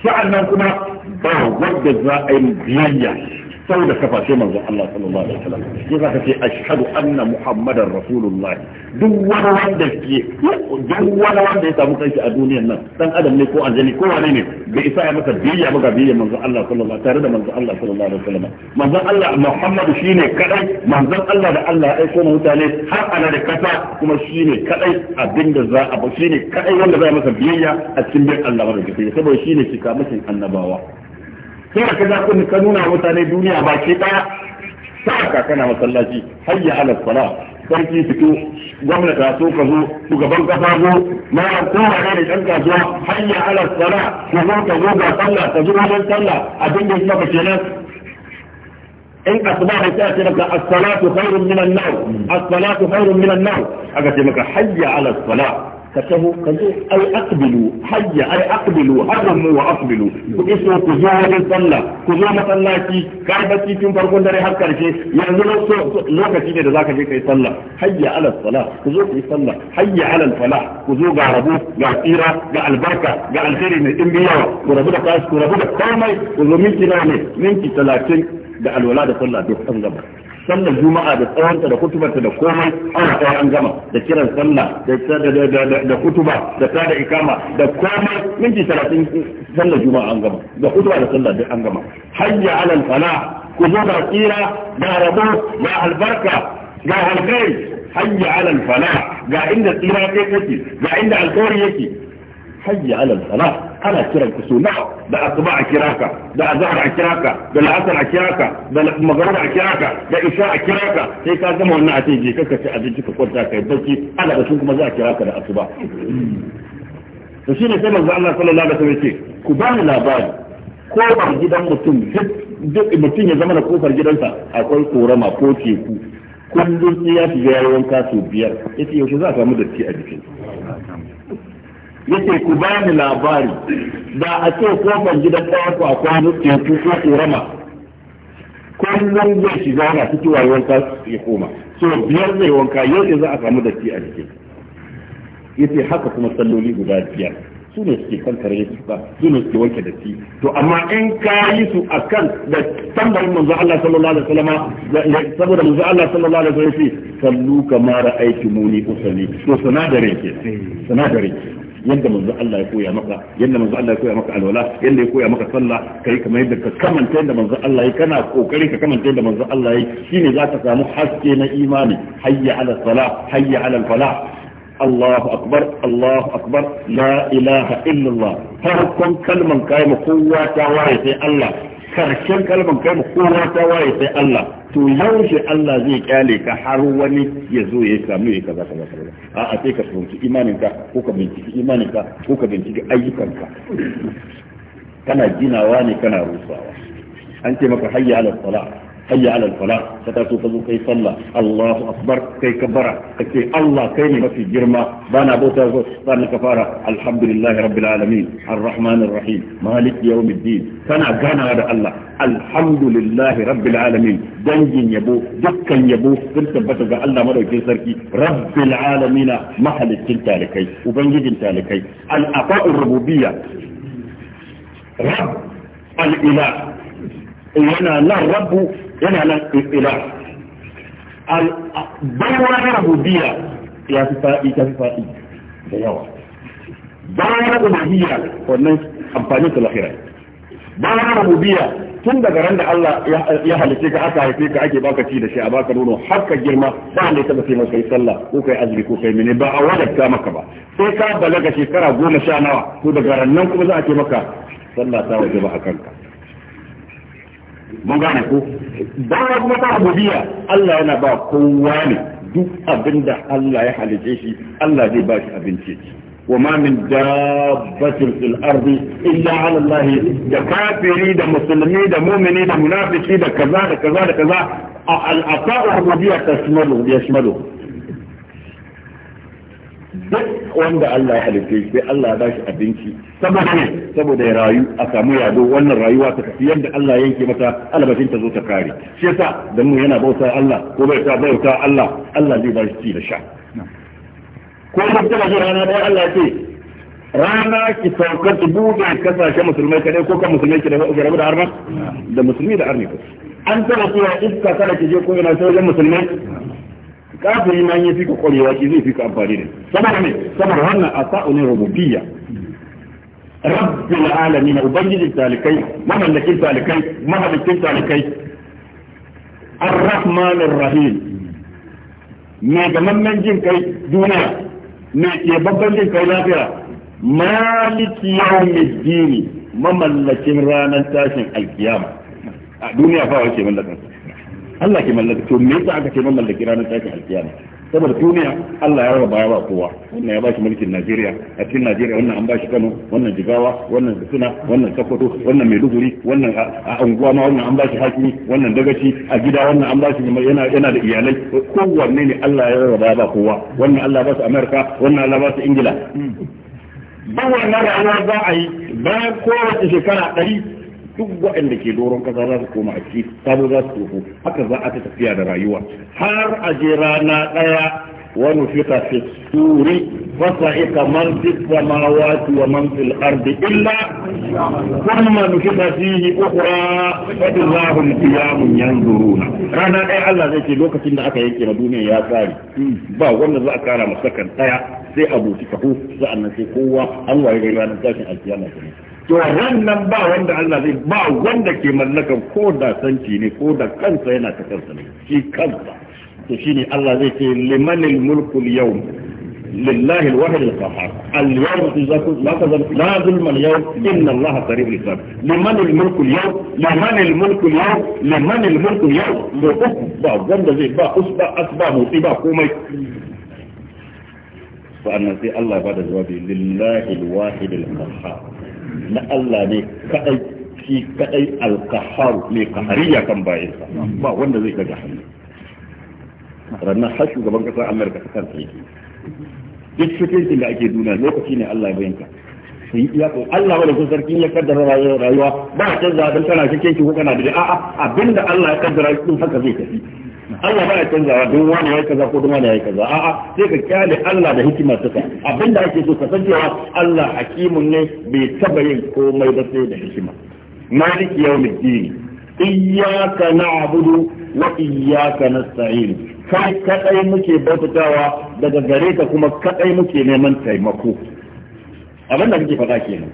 sa'annan kuma ba wanda za a yi biyayya sau da kafa sai manzon Allah sallallahu alaihi wasallam shi zaka ce ashhadu anna muhammadar rasulullahi duk wani wanda ke duk wani wanda ya samu kanshi a duniyar nan dan adam ne ko anjani ko wani ne da isa ya masa biyya ba ga biyya manzon Allah sallallahu tare da manzon Allah sallallahu alaihi wasallam manzon Allah muhammadu shine kadai manzon Allah da Allah ya aika mutane har ana da kasa kuma shine kadai abinda za a ba shine kadai wanda zai masa biyya a cikin bin Allah madaukakin saboda shine cika mashin annabawa sai ka ga kun ka nuna mutane duniya baki daya saka kana masallaci hayya ala sala sarki fito gwamnati so ka zo shugaban kasa zo ma ko ma ne dan kasuwa hayya ala sala ko zo ka zo ga sallah ka zo wajen sallah abin da yake kenan in asuba ne sai ce maka as-salatu khairun min an-nawm as-salatu khairun min an-nawm aka ce maka hayya ala sala ka taho ka zo ai aqbilu hayya ai aqbilu harramu wa aqbilu ku iso ku zo wajen sallah ku zo masallaci kai bacci tun farkon dare har karshe yanzu lokaci ne da ka je kai sallah hayya ala salah ku zo ku sallah hayya ala falah ku zo ga rabu ga tsira ga albarka ga alheri mai din biyawa ku rabu da ku rabu da ku zo minti minti 30 da alwala da sallah gaba sallar juma'a da tsawonta da kutubarta da komai ana tsaya an gama da kiran sallah da da kutuba da tada ikama da komai minti 30 sallar juma'a an gama da kutuba da sallah an gama hayya ala al fala ku zo da tsira da rabo ya albarka ga hayya ala al fala ga inda tsira kake ga inda alkawari yake hayy ala salat ana kiran ku sunna da asuba a kiraka da azhar a kiraka da al'asr a kiraka da maghrib a kiraka da isha a kiraka sai ka gama wannan a ce je kaka ci abinci ka kwanta kai bacci ana da sun kuma za a kiraka da asuba to shine sai manzo Allah sallallahu alaihi wasallam ce ku bani labari ko ba gidan mutum duk mutum ya zama da kofar gidansa akwai korama ko teku kullum sai ya shiga yayin kasu biyar yace yaushe za ka samu datti a jikinsa yake ku ba ni labari da a ce gida gidan ɗayan a kwano teku ko korama kullum zai shiga yana ciki wayewar ka ya koma so biyar zai wanka yadda za a samu datti a jiki yace haka kuma salloli guda biyar su ne suke kan kare su ba su ne suke wanke datti to amma in ka yi su a kan da tambarin manzo Allah sallallahu alaihi wasallam saboda manzo Allah sallallahu alaihi wasallam sallu aiki muni usali to sanadare ke sanadare ke yadda manzo Allah ya koya maka yadda manzo Allah ya koya maka alwala yadda ya koya maka sallah kai kamar yadda ka kamanta yadda manzo Allah ya kana kokari ka kamanta yadda manzo Allah ya shine za ka samu haske na imani hayya ala salah hayya ala falah الله أكبر الله أكبر لا إله إلا الله فرق كلمة كايمة قوة وعيسي الله karshen kalmar kai kowa ta waye sai Allah to yaushe Allah zai kyale ka har wani ya zo ya samu ya kaza kaza kaza a a sai ka tsunci imanin ka ko ka binciki imanin ka ko ka binciki ayyukan ka kana ginawa ne kana rusawa an ce maka hayya ala salat حي على الفلاح ستأتوا فضو كي صلى الله أكبر كي كبر كي الله كي نمسي جرما بانا بوتا بانا كفارة الحمد لله رب العالمين الرحمن الرحيم مالك يوم الدين سنة جانا على الله الحمد لله رب العالمين دنجين يبو دكا يبو سنت بتجا الله مرة كيسر كي رب العالمين محل التالكي وبنجد التالكي الأطاء الربوبية رب الإله وانا لا رب yana nan istila bayan na rububiyya ya fi faɗi ta fi faɗi da yawa bayan na rububiyya wannan amfani ta lahira bayan na rububiyya tun daga ran da Allah ya halice ka aka haife ka ake baka ci da shi a baka nono har ka girma ba ne taba sai maka sallah ko kai azumi ko kai mene ba a wadatta maka ba sai ka balaga shekara goma sha nawa to daga ran nan kuma za a ce maka sallah ta waje ba a kanka mun gane ko dawa kuma ta rububiyya Allah yana ba kowa ne duk abinda Allah ya halice shi Allah zai ba shi abinci wa ma وما من دابة في الأرض إلا على da ده da ده da ده da ده da kaza da kaza كذا ده كذا العطاء الربوبية تشمله يشمله duk wanda Allah ya halice shi Allah ya ba shi abinci saboda ne saboda ya rayu a samu yado wannan rayuwa ta tafi yadda Allah yanke mata alabashin ta zo ta kare shi yasa dan mu yana bauta Allah ko bai ta bauta Allah Allah zai ba shi ci da sha ko mun tana jira rana dai Allah ce rana ki saukar ki bude kasashen musulmai kadai ko kan musulmai ki da ku rabu da arna da musulmi da arni ko an tana cewa iska kada ki je ko ina sai musulmai kafiri ma yi fika kwarewa ki zai fika amfani da saboda ne saboda wannan asa'u ne rububiyya rabbil alamin ubangijin talikai mamallakin talikai mahalikin talikai ar rahim me gamammen kai duniya me ke kai lafiya maliki yawmiddin mamallakin ranar tashin alkiyama a duniya fa wace mallakan Allah ke mallaka to me aka ce mamallakin ranar tashin saboda duniya Allah ya raba ya ba kowa wannan ya bashi mulkin Najeriya a cikin Najeriya wannan an bashi Kano wannan Jigawa wannan Katsina wannan Sokoto wannan Maiduguri wannan a unguwa ma wannan an bashi hakimi wannan dagaci a gida wannan an bashi yana yana da iyalai kowanne ne Allah ya raba ya ba kowa wannan Allah ba su Amerika wannan Allah ba su Ingila ba wannan rayuwa za a yi bayan kowace shekara ɗari duk waɗanda ke doron kasa za su koma a ciki sabo za su tofo haka za a ta tafiya da rayuwa har a je rana ɗaya wani fita fi turi fasa ika man fi samawati wa man fil ardi illa kuma nufita fihi ukhra fa illahum qiyamun yanzuruna rana ɗaya Allah zai ce lokacin da aka yanke na duniya ya tsari ba wanda za a kara masakan ɗaya sai abu tikahu sa'annan sai kowa an waye ranar tashin alkiyama kenan to wannan ba wanda Allah zai ba wanda ke mallaka ko da sanci ne ko da kansa yana ta kansa ne shi kansa to shine Allah zai ce limanil mulku al-yawm lillahi al-wahid al-qahhar al-yawm tuzakku la tazal la zulma al-yawm inna Allah qarib al-hisab limanil mulku al-yawm limanil mulku al-yawm limanil mulku al-yawm to ba wanda zai ba usba asba musiba komai fa sai Allah ba da jawabi lillahi al-wahid al-qahhar na Allah ne kadai shi kadai alkahar mai kahariya kan bayansa ba wanda zai daga hannu ranar har shugaban kasar amurka ta kansa yake duk cikin da ake duniya lokaci ne Allah ya bayyana su yi iya Allah wani sun sarki ya kaddara rayuwa ba a canza don kana cikin shi ko kana da a'a abinda Allah ya kaddara shi haka zai tafi Allah ba ya wa duk wani ya kaza ko duma da ya kaza a'a sai ka kyale Allah da hikima ta abinda ake so ka sanya Allah hakimun ne bai taba yin komai ba sai da hikima maliki yawmiddin iyyaka na'budu wa iyyaka nasta'in kai kadai muke bautatawa daga gare ka kuma kadai muke neman taimako abinda kake faɗa kenan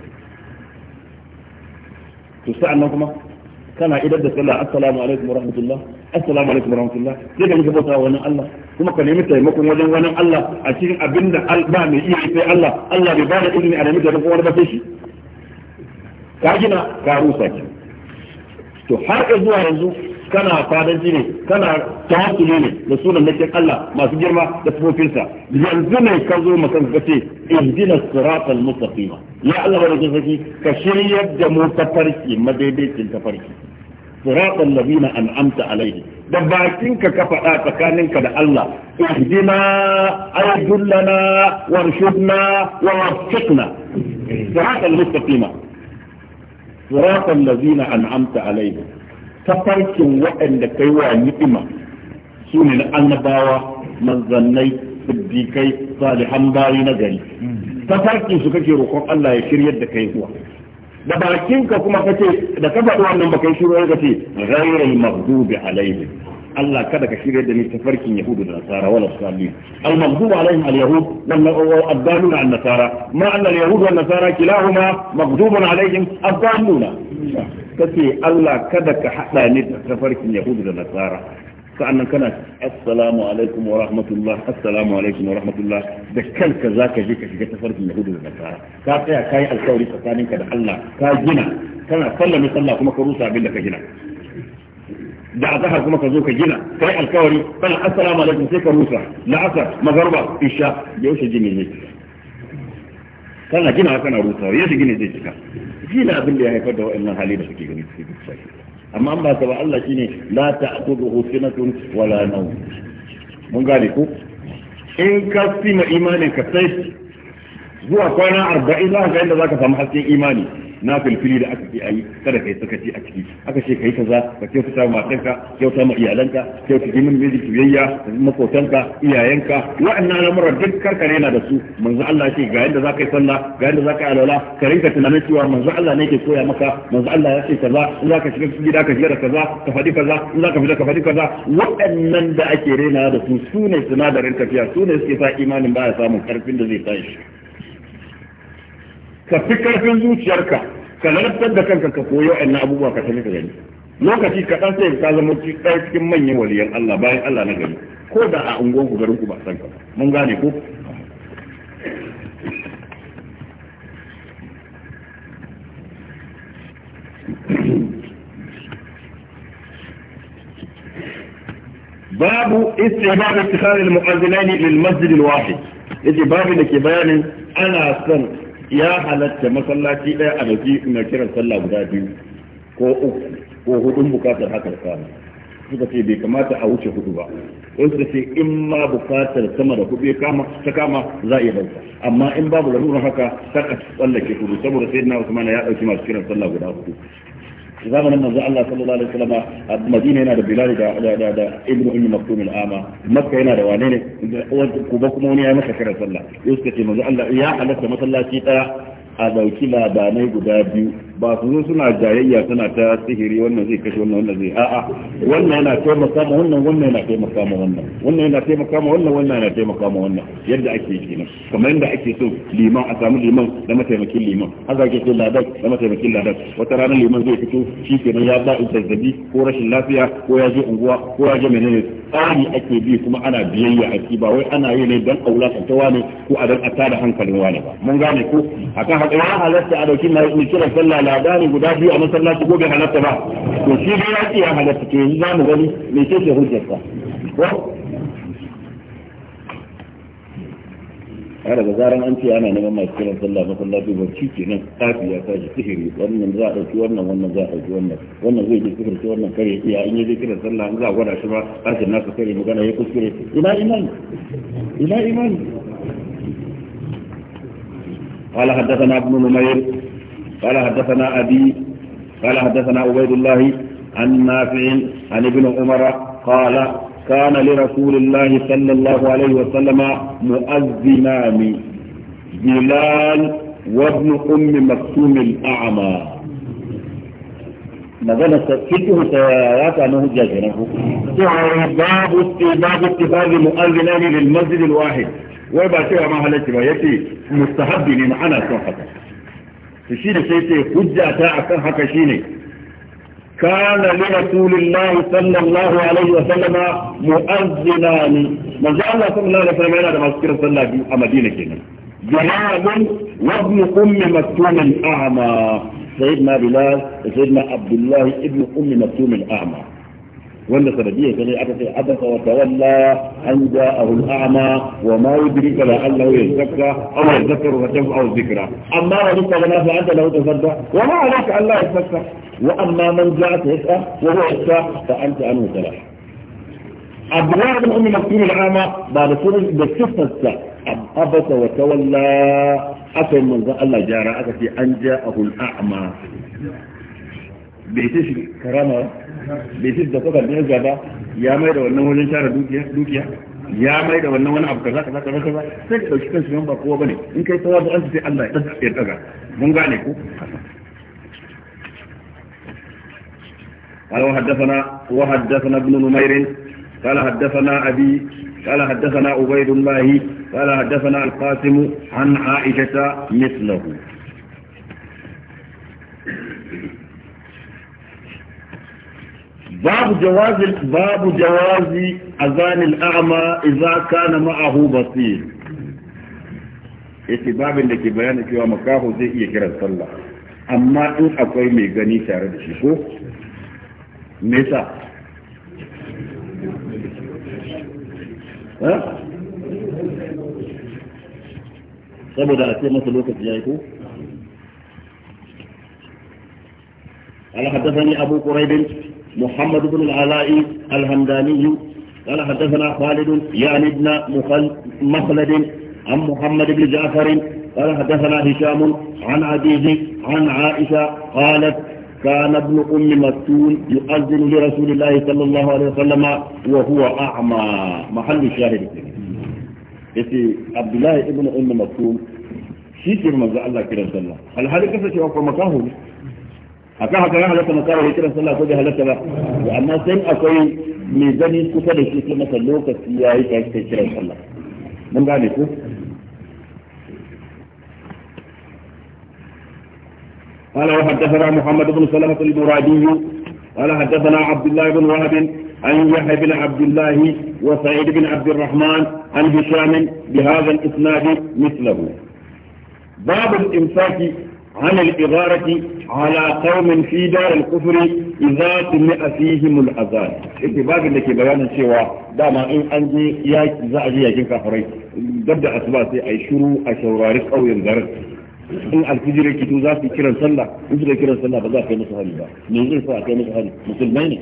to sai nan kuma kana idan da sallah assalamu alaikum wa rahmatullah assalamu alaikum wa rahmatullah sai ka shiga bauta wani Allah kuma ka nemi taimakon wajen wani Allah a cikin abinda ba mai iya sai Allah Allah bai bada izini a nemi taimakon wani ba sai shi ka gina ka rusa ki to har ka zuwa yanzu kana fadanci ne kana tawakkuli ne da sunan nake Allah masu girma da sifofinsa yanzu ne ka zo maka ka ce ihdina siratal mustaqima ya Allah barkin saki ka shiryar da mu tafarki madaidaicin tafarki صراط الذين أنعمت عليهم da bakinka ka faɗa tsakaninka da Allah ihdina aydullana warshudna wa waffiqna صراط المستقيم صراط الذين أنعمت عليهم tafarkin waɗanda kai wa ni'ima su ne na annabawa manzannai siddiƙai salihan bayi na gari tafarkin su kake roƙon Allah ya shiryar da kai zuwa da bakinka kuma kace da ka faɗi wannan baka yi shiru ka ce ghayril maghdubi alaihim Allah kada ka shirya da ni tafarkin yahudu da nasara wala salim al maghdubi alaihim al yahud wal addaluna an nasara ma anna al yahud wal nasara kilahuma maghdubun alaihim addaluna kace Allah kada ka hada ni da tafarkin yahudu da nasara sa'annan kana assalamu alaikum wa rahmatullah assalamu alaikum wa rahmatullah da kanka zaka je ka shiga tafarkin yahudu da nasara ka tsaya kai alkawari tsakaninka da Allah ka gina kana sallame sallah kuma ka rusa abin da ka gina da azhar kuma ka zo ka gina kai alkawari kana assalamu alaikum sai ka rusa la'asar magarba isha yaushe gini ne kana gina kana rusa yaushe gini zai cika shi ne abin da ya haifar da wa'annan hali da suke gani cikin sai amma ba ta ba Allah shine la ta'khudhu sinatun wala nawm mun gane ku in ka sima imanin ka sai zuwa kwana 40 za ka ga inda za ka samu hasken imani na filfili da aka a ayi kada kai sakaci a ciki aka ce kai kaza ka kyautata matanka kyauta ma iyalanka kyautata min miji biyayya makotanka iyayenka wa'annan lamura duk karkare na da su manzo Allah ce ga yanda zaka yi sallah ga yanda zaka yi alwala ka rinka tunanin cewa manzo Allah ne ke koya maka manzo Allah ya ce kaza in zaka shiga gida ka shiga da kaza ka faɗi kaza in zaka fita ka faɗi kaza waɗannan da ake rena da su su ne sinadarin tafiya su ne suke sa imanin baya samun karfin da zai tashi ka fi karfin zuciyarka ka lantar da kanka ka koyo a abubuwa ka tafi ka gani lokaci kaɗan sai ka zama ɗaya cikin manyan waliyan Allah bayan Allah na gani ko da a unguwan ku garin ku ba san ka mun gane ko babu istihbab al mu'azzinain lil masjid al wahid yaji babu da ke bayanin ana son ya halatta masallaci ɗaya a dauki na kiran sallah guda biyu ko uku ko hudun bukatar haka samu suka ce bai kamata a wuce hudu ba wasu suka ce in ma bukatar sama da hudu ta kama za a yi dauka amma in babu lalurar haka ta tsallake hudu saboda sai na usmana ya ɗauki masu kiran sallah guda hudu zamanin manzo Allah sallallahu alaihi wasallam a Madina yana da Bilal da da da Ibn Ummi Maktum al-Ama Makka yana da wane ne Kuba kuma wani ya maka kiran sallah yau suka ce manzo Allah ya halatta masallaci daya a dauki labanai guda biyu ba su zo suna jayayya suna ta sihiri wannan zai kashe wannan wannan zai a'a wannan yana taimaka ma wannan wannan yana taimaka ma wannan wannan yana taimaka ma wannan wannan yana taimaka ma wannan yadda ake yi kenan kamar yadda ake so liman a samu liman da mataimakin liman haka ake so ladan da mataimakin ladan wata ranar liman zai fito shi kenan ya ba zazzabi ko rashin lafiya ko ya je unguwa ko ya je menene tsari ake bi kuma ana biyayya a ciki ba wai ana yi ne dan aula ta wane ko a dan a tada hankalin wani ba mun gane ko akan haka ya halatta a dauki mai kiran sallah ladani guda biyu a masallaci ko bai halatta ba to shi dai yaki ya halatta to yanzu zamu gani me ce ce hujjarsa ko a daga zaran an ce ana neman masu kiran sallah masallaci barci ke nan tsafi ya tashi sihiri wannan za a ɗauki wannan wannan za a ɗauki wannan wannan zai je sihirce wannan kare iya in ya je kiran sallah an za a gwada shi ba tashin nasa kare magana ya kuskure ina imani ina imani قال حدثنا ابن نمير قال حدثنا أبي قال حدثنا عبيد الله عن نافع عن ابن عمر قال كان لرسول الله صلى الله عليه وسلم مؤذنان بلال وابن ام مكتوم الاعمى ما مازال ستكتب سيارات انه وجه جنبه باب باب اتخاذ مؤذنان للمسجد الواحد ويبقى شيء ما هلاكي ياتي مستحب لمعنى to shi da sai sai hujja ta akan haka shine kana li rasulillahi sallallahu alaihi wa sallama mu'azzinani manzo Allah sallallahu alaihi wa sallama yana da masu kiran sallah biyu a Madina kenan جمال وابن أم مكتوم الأعمى سيدنا بلال سيدنا عبد الله ابن أم مكتوم الأعمى wanda sanadiyar sai aka ce abasa wa tawalla an ja'ahu al-a'ma wa ma yudrika la annahu yazakka aw yadhakkaru wa tanfa'u dhikra amma wa lika lana fa anta lahu tasadda wa ma alayka an la yazakka wa amma man ja'aka yas'a wa huwa yas'a fa anta anhu salah عبد الله بن ام مكتوم العامة بعد سنة بصفة أبس وتولى أتى من الله جارة أتى أن جاءه الأعمى bai ce shi karama ba bai ce da kwakar daraja ba ya mai da wannan wajen share dukiya ya mai da wannan wani abu kaza kaza kaza kaza sai ka dauki kansu yan ba kowa bane in kai tawazu an sai Allah ya daga ya daga mun gane ko قال وحدثنا وحدثنا ابن نمير قال حدثنا أبي قال حدثنا عبيد الله قال حدثنا القاسم عن عائشة مثله باب جواز باب جواز اذان الاعمى اذا كان معه بصير ايه باب اللي كي بيان كي ما كاهو زي هي إيه كده صلى اما ان اكوي مي غني تاره دي شو ميسا ها سبو ده اسمه سلوك جايكو قال حدثني ابو قريب محمد بن العلاء الهمداني قال حدثنا خالد يعني ابن مخلد عن محمد بن جعفر قال حدثنا هشام عن عبيد عن عائشة قالت كان ابن أم مكتوم يؤذن لرسول الله صلى الله عليه وسلم وهو أعمى محل الشاهد في عبد الله ابن أم مكتوم shi من manzo Allah kiran sallah هذه قصه cewa kuma makahu akan haka ya halatta makara ya kiran sallah ko bai halatta ba amma sai akwai mai gani kusa da shi sai masa lokaci ya yi ta kiran sallah mun gane ko قال وحدثنا محمد بن سلمة المرادي قال حدثنا عبد الله بن وهب عن يحيى بن عبد الله وسعيد بن عبد الرحمن عن هشام بهذا الاسناد مثله باب الامساك على الإغارة على قوم في دار الكفر إذا تمئ فيهم الأذان اتفاق لك بيان سوى داما إن أنجي ياك زعجي يا جنك أخري دبدا أسباسي أي شروع أشورارك أو ينذر إن الفجر كتو ذاتي كرا صلى إذا كرا صلى بذا في نصف هالي من غير صلى في نصف هالي مسلماني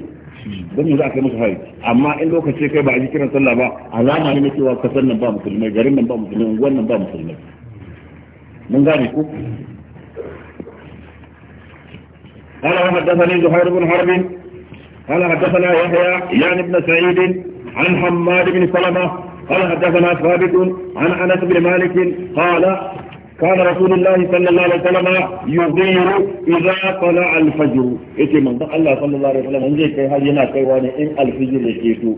بني ذاك نصف هالي أما إن لو كشيك بعد كرا صلى با أعلام عن نسوى كسرنا با مسلمين جارين با مسلمين وانا با مسلمين من ذلك قال وحدثني زهير بن حرب قال حدثنا يحيى يعني بن سعيد عن حماد بن سلمة قال حدثنا ثابت عن أنس بن مالك قال كان رسول الله صلى الله عليه وسلم يغير إذا طلع الفجر إتي من الله صلى الله عليه وسلم إن جيك هل ينا الفجر يكيتو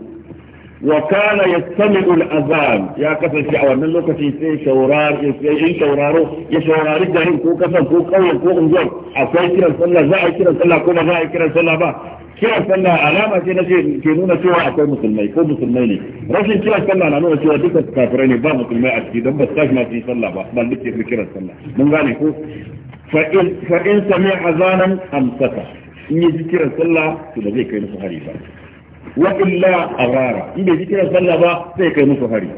وكان يستمع الأذان يا كفر شعوة من لوكا في سي شورار يسيئين شورارو يشورار الجهين كو كفر كو قوي كو انزل أكوي كرا صلى زاي كرا صلى كما زاي كرا صلى با كرا صلى علامة كنا كنونا سوى أكوي مسلمين كو مسلمين رجل كرا صلى نانونا شوى ديكا كافرين با مسلمين أكيد بس تجمع في صلى با بل بكتب كرا صلى من غالي كو فإن, فإن سمع أذانا أمسكه إن يذكر صلى تبقى كي نصحري با wa illa arara in bai sallah ba sai kai musu hari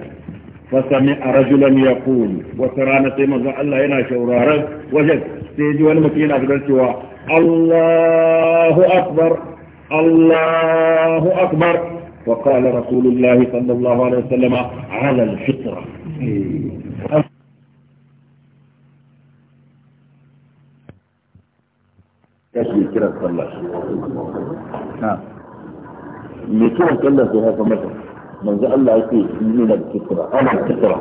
فسمع رجلا يقول وترانا سيما الله ينا شورارا وجد سيجي والمكين أفضل سوا الله أكبر الله أكبر وقال رسول الله صلى الله عليه وسلم على الفطرة تشمي لتوك الله في هذا المثل من ذا الله يقول من الكفرة أنا الكفرة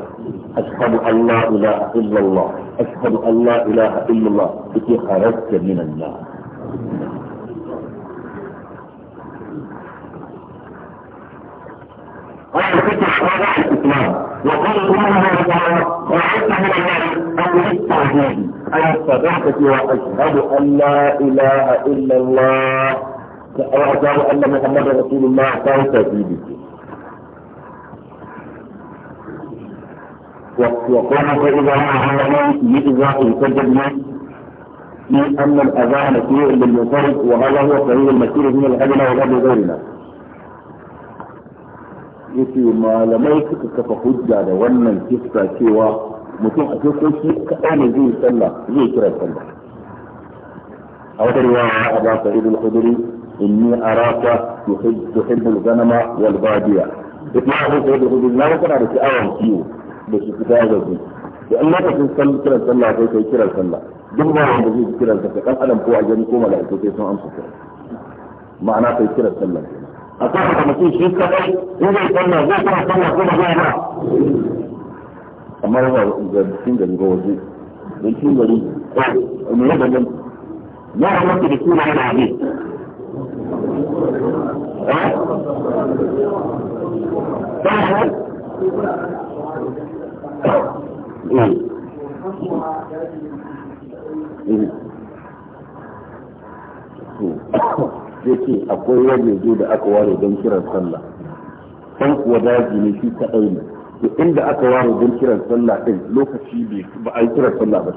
أشهد أن لا إله إلا الله أشهد أن لا إله إلا الله إتي خرجت من النار وقال الله تعالى وعدته لله أن يستعجل أن استغفرك وأشهد أن لا إله إلا الله الأعجاب أن محمد رسول الله كان تزيدي وقال فإذا ما أعلم يجزى في سجدنا في أن الأذان مسير للمصرف وهذا هو طريق المسير من الغدنا وغد غيرنا يتي ما لم يكن كفحج على ونن كفتا سوى متوقع كفتا سوى كأين زي سلا زي كرة سلا أو تريوا أبا سعيد الخدري إني أراك تحب الغنم والبادية إطلاعه سيد خذ لا وكان على سؤال كيو بس كتابة دي لأن لا تكون صلى كرا صلى كيف كرا صلى جمع عند قال كرا صلى كان ألم قوة جنكو ملائكة كيف أمسك معناه كيف كرا صلى أصحاب المسيح شيء كفاي إذا صلى زي كرا صلى كما أما هو إذا بسين جنب وزيد بسين جنب وزيد ما عملت بسين على عبيد نعم yake akwai wani da aka ware don kiran sallah san kuwa daji ne shi ta ne inda aka ware don kiran sallah din lokaci bai ba a yi kiran sallah ba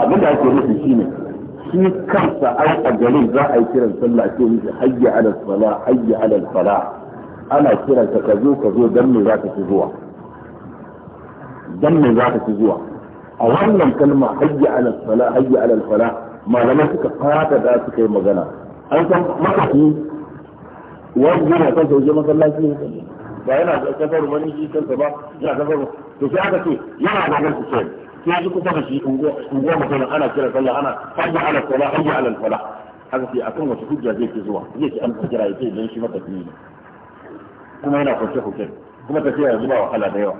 abin da ake nufi shine shi kansa an a garin za a yi kiran sallah ake nufi hayya ala sala hayya ala sala ana kiran ka zo ka zo dan me za ka ci zuwa dan me za ka ci zuwa a wannan kalma hayya ala sala hayya ala sala malaman suka fata da suka yi magana an san makafi wanda yana kan sauje masallaci ne ba yana da kafar wani shi kansa ba yana kafar to sai aka ce yana da kansa ce sai ji kusa da shi unguwa mutum ana kira sallah ana hajji ala sala hajji ala sala haka sai akan wata hujja zai ke zuwa zai ce an kira ya ce dan shi mata ne kuma yana kwance hukai kuma tafiya yanzu ba wahala da yawa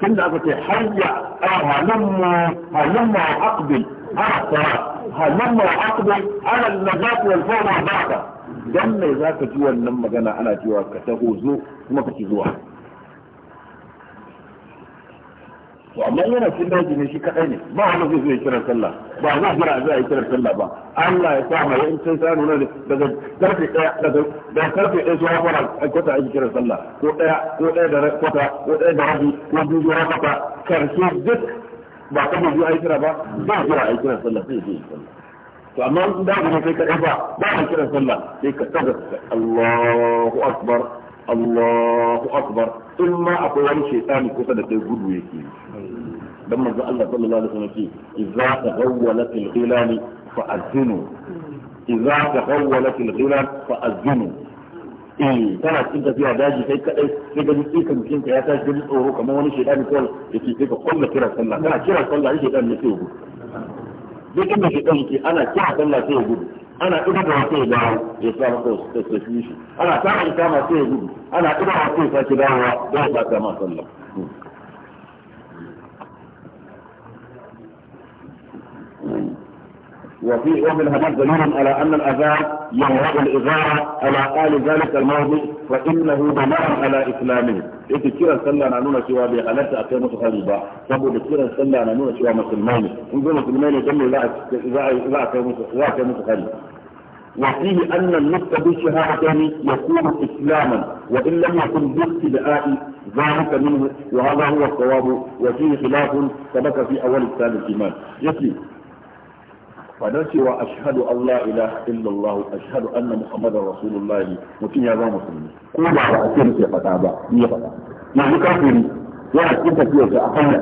tunda aka ce hayya halamma halamma aqbil ala sala halamma aqbil ala najat wal fawda ba'da dan me za ka ji wannan magana ana cewa ka taho zo kuma ka ci zuwa to amma yana cin daji ne shi kadai ne ba wani zai zo ya kira sallah ba za a fara zai kira sallah ba Allah ya sa mai in sai sanu nuna daga karfe daya daga da karfe daya zuwa fara a kwata a kira sallah ko daya ko daya da kwata ko daya da rabi ko biyu zuwa kwata karshe duk ba kamar zuwa a kira ba ba a ai kira sallah sai sai sallah to amma in da ne sai ka dafa ba ka kiran sallah sai ka taga Allahu akbar Allahu akbar in ma akwai wani shaytani kusa da kai gudu yake dan manzo Allah sallallahu alaihi wasallam ce idza taghawalat al-hilal fa'azinu idza taghawalat al-hilal fa'azinu eh kana cikin tafiya daji kai kadai sai ga jiki kan jikin ka ya tashi gani tsoro kamar wani shaytani kawai yake sai ka kulla kiran sallah kana kiran sallah yake dan ne sai duk inda shi kan ke ana kira sallah sai ya gudu ana ida da wata ya dawo ya sa masa ta shi ana ta an kama sai ya gudu ana ida da wata ya sake dawowa da ya sa kama sallah وفي ومن هذا دليل على ان الاذان ينوع الاذاعه على قال ذلك الموضوع فإنه بناء على إسلامه إذا كيرا صلى أن أنونا شوى بيخالت تأتي مصحابي با سابو إذا كيرا صلى أن أنونا شوى مسلماني إن قلنا مسلماني جمي لا أكي مصحابي وفيه أن النص بالشهادتين يكون إسلاما وإن لم يكن باقتداء ذلك منه وهذا هو الصواب وفيه خلاف سبق في أول الثالث إيمان يكي fadar cewa ashhadu an la ilaha illallah ashhadu anna muhammadar rasulullah mutum ya zama musulmi ko ba a ce ke faɗa ba ni ya faɗa yanzu kafiri yana cikin tafiyar sa a hanya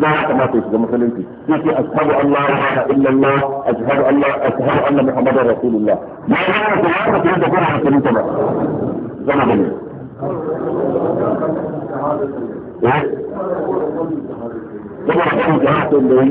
ga ya kamata ya shiga musulunci sai ce ashhadu an la ilaha illallah ashhadu an la ashhadu anna muhammadar rasulullah ma ya ga ya ga da kuma musulunci ba zama bane saboda kan jama'a da yi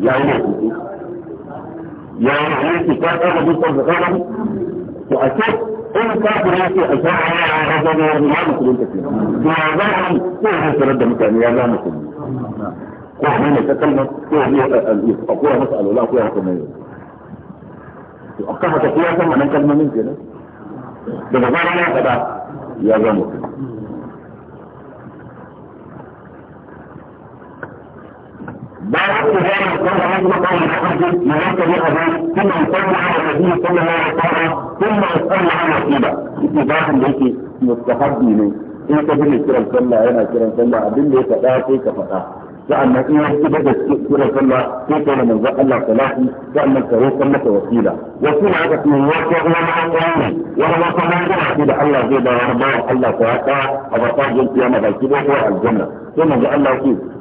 يعني وأكيد إن كان في أشياء على هذا الأمر ما نقول إنك فيها. ما زال في هذا الرد مكان يا زمان. كل من يتكلم كل من يقول أقوى مسألة لا أقوى مسألة. أكثر تكلم من كلمة منك. ده ما زال هذا يا زمان. بعد ذلك كان عندنا قول الحديث يرتب له ثم يصلي على النبي صلى الله عليه وسلم ثم يصلي على القبلة اتباعا ليس مستحب منه in ka bin kiran sallah yana kiran sallah abin da ya faɗa sai ka faɗa sa'annan in ya ci daga kiran sallah sai ka yi manzon Allah salati sa'annan ka roƙa masa wasila wasila haka kuma ya ce wani ma'aikata ne wani wata ma'aikata da Allah zai ba wani bawan Allah ta ya ta a bakajin kiyama baki ko aljanna sai manzon Allah ya ce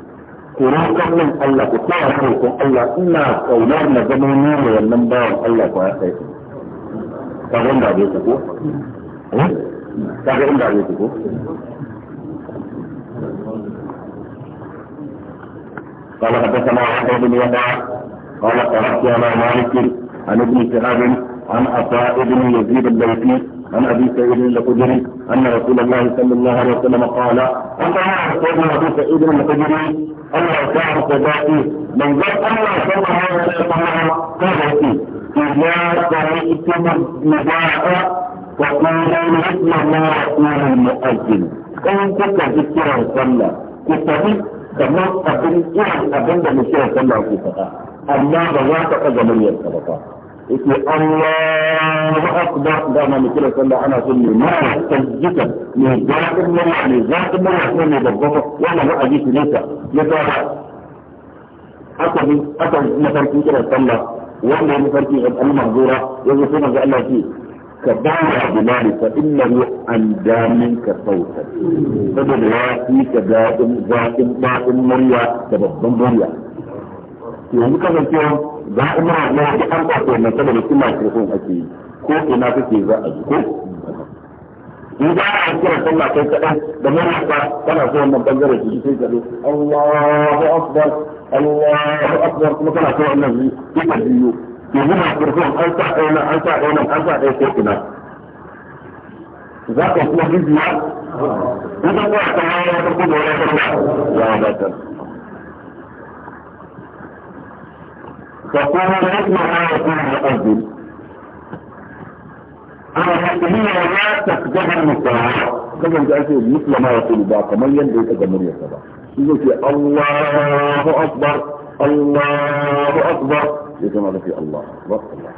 ku roƙon nan Allah ku tsaya roƙon Allah ina kaunar na zama ni ne wannan bawan Allah ku ya kai ku ka ga inda bai ko ka ga inda bai ko قال حدثنا عبد بن يحيى قال قرأت على مالك عن ابن شهاب عن عطاء بن يزيد الليثي عن ابي سعيد الخدري ان رسول الله صلى الله عليه وسلم قال انت سيدنا ابي سعيد الخدري ان تعالى صداتي من قال ان صلى الله عليه وسلم صداتي اذا سمعتم النداء فقولوا مثل ما يقول المؤذن ان كنت ذكرا صلى كنت kamar abin irin abin da mutum ya sallah ke faɗa amma ba yake Allahu akbar da ma mutum sallah ana son ne ma tajjita ne zakin mala ne zakin mala ko ne babba wannan ra'ayi ne ka ya ta aka bi aka mafarkin kiran sallah wannan mafarkin al-mahzura yanzu sai manzo Allah ce ka dawo bilal fa innahu an damin ka sauta saboda ya yi ka dadin zakin dadin murya da babban murya yanzu kasancewa za a ma na ta an kwato mai saboda kuma kirkun ake yi ko ina kake za a ji ko in za a yi kira sallah kai kaɗan da manufa kana so wannan bangare su ji sai ka zo Allahu Akbar Allahu Akbar kuma kana so wannan yi kuma biyu yanzu na kirkun an sa ɗaya nan an sa ɗaya nan an sa ɗaya ko ina za ka kuma bibiya in ka kuma ta hawa ta kuma wani ta ya wadatar يكون مثل ما يكون المؤذن المسلمين لا تقدم المساعدة كما جاءت مثل ما يقول بعض كما بيت تجمهورية سبا يقول الله أكبر الله أكبر يجمع في الله أكبر الله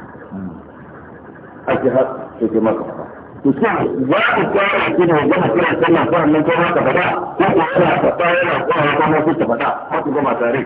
أشهد في مكة تسمع ذاك كان كده وجمع كده سنة فهم من كده فدا كده فدا فدا فدا فدا فدا فدا فدا فدا فدا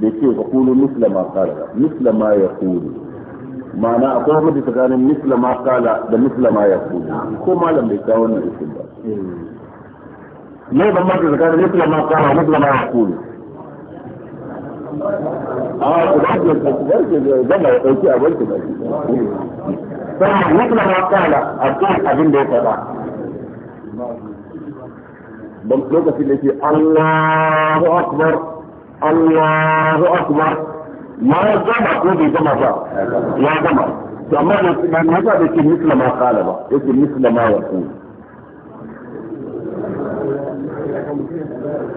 da ce faƙulu misla ma kala misla ma ya kulu ma'ana akwai wani tsakanin misla ma kala da misla ma ya kulu ko malam bai kawo wannan isin ba mai bambanta tsakanin misla ma kala misla ma ya kulu a kudarke kudarke zama ya ɗauki a barki da shi sannan misla ma kala a cikin abin da ya faɗa lokacin da ke Allahu Akbar الله اكبر ما جمع كودي جمع بقى يا جمع فما ما هذا مثل ما قال بقى مثل ما يقول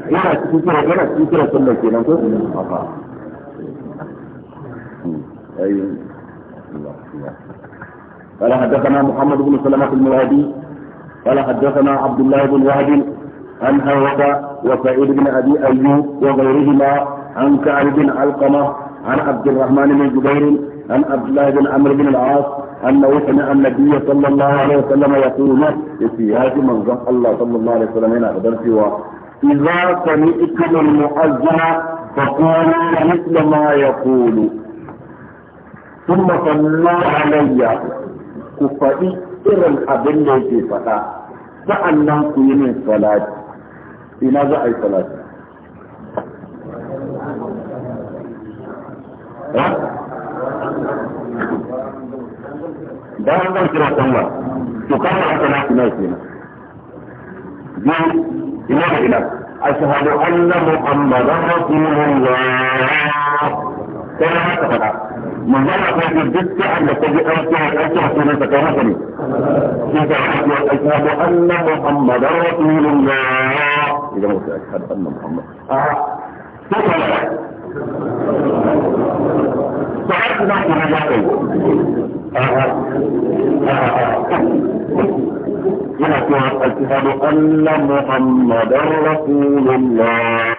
yana أيوه. قال حدثنا محمد بن سلمة المرادي قال حدثنا عبد الله بن وهب عن أوس وسعيد بن أبي أيوب وغيرهما عن كعب بن علقمة عن عبد الرحمن بن جبير عن عبد الله بن عمرو بن العاص أنه سمع النبي صلى الله عليه وسلم يقول في هذه منظر الله صلى الله عليه وسلم هنا قدر سوى إذا سمعتم المؤذن فقولوا مثل ما يقول ثم صلى علي كفئي إرم الابن في فتاة فأنا من صلاتي في ماذا اي ثلاثة ده عندنا في رأس الله تقام عن ثلاثة ما يسمينا دي إمام إلا أشهد أن محمد رسول الله من ذا أقول بذكة أن تجي أنت أنت أصول أنت كرسني أشهد أن محمد رسول الله idan annan muhammad a ko kuma kai yana cewa a shahadu muhammadan rasulullah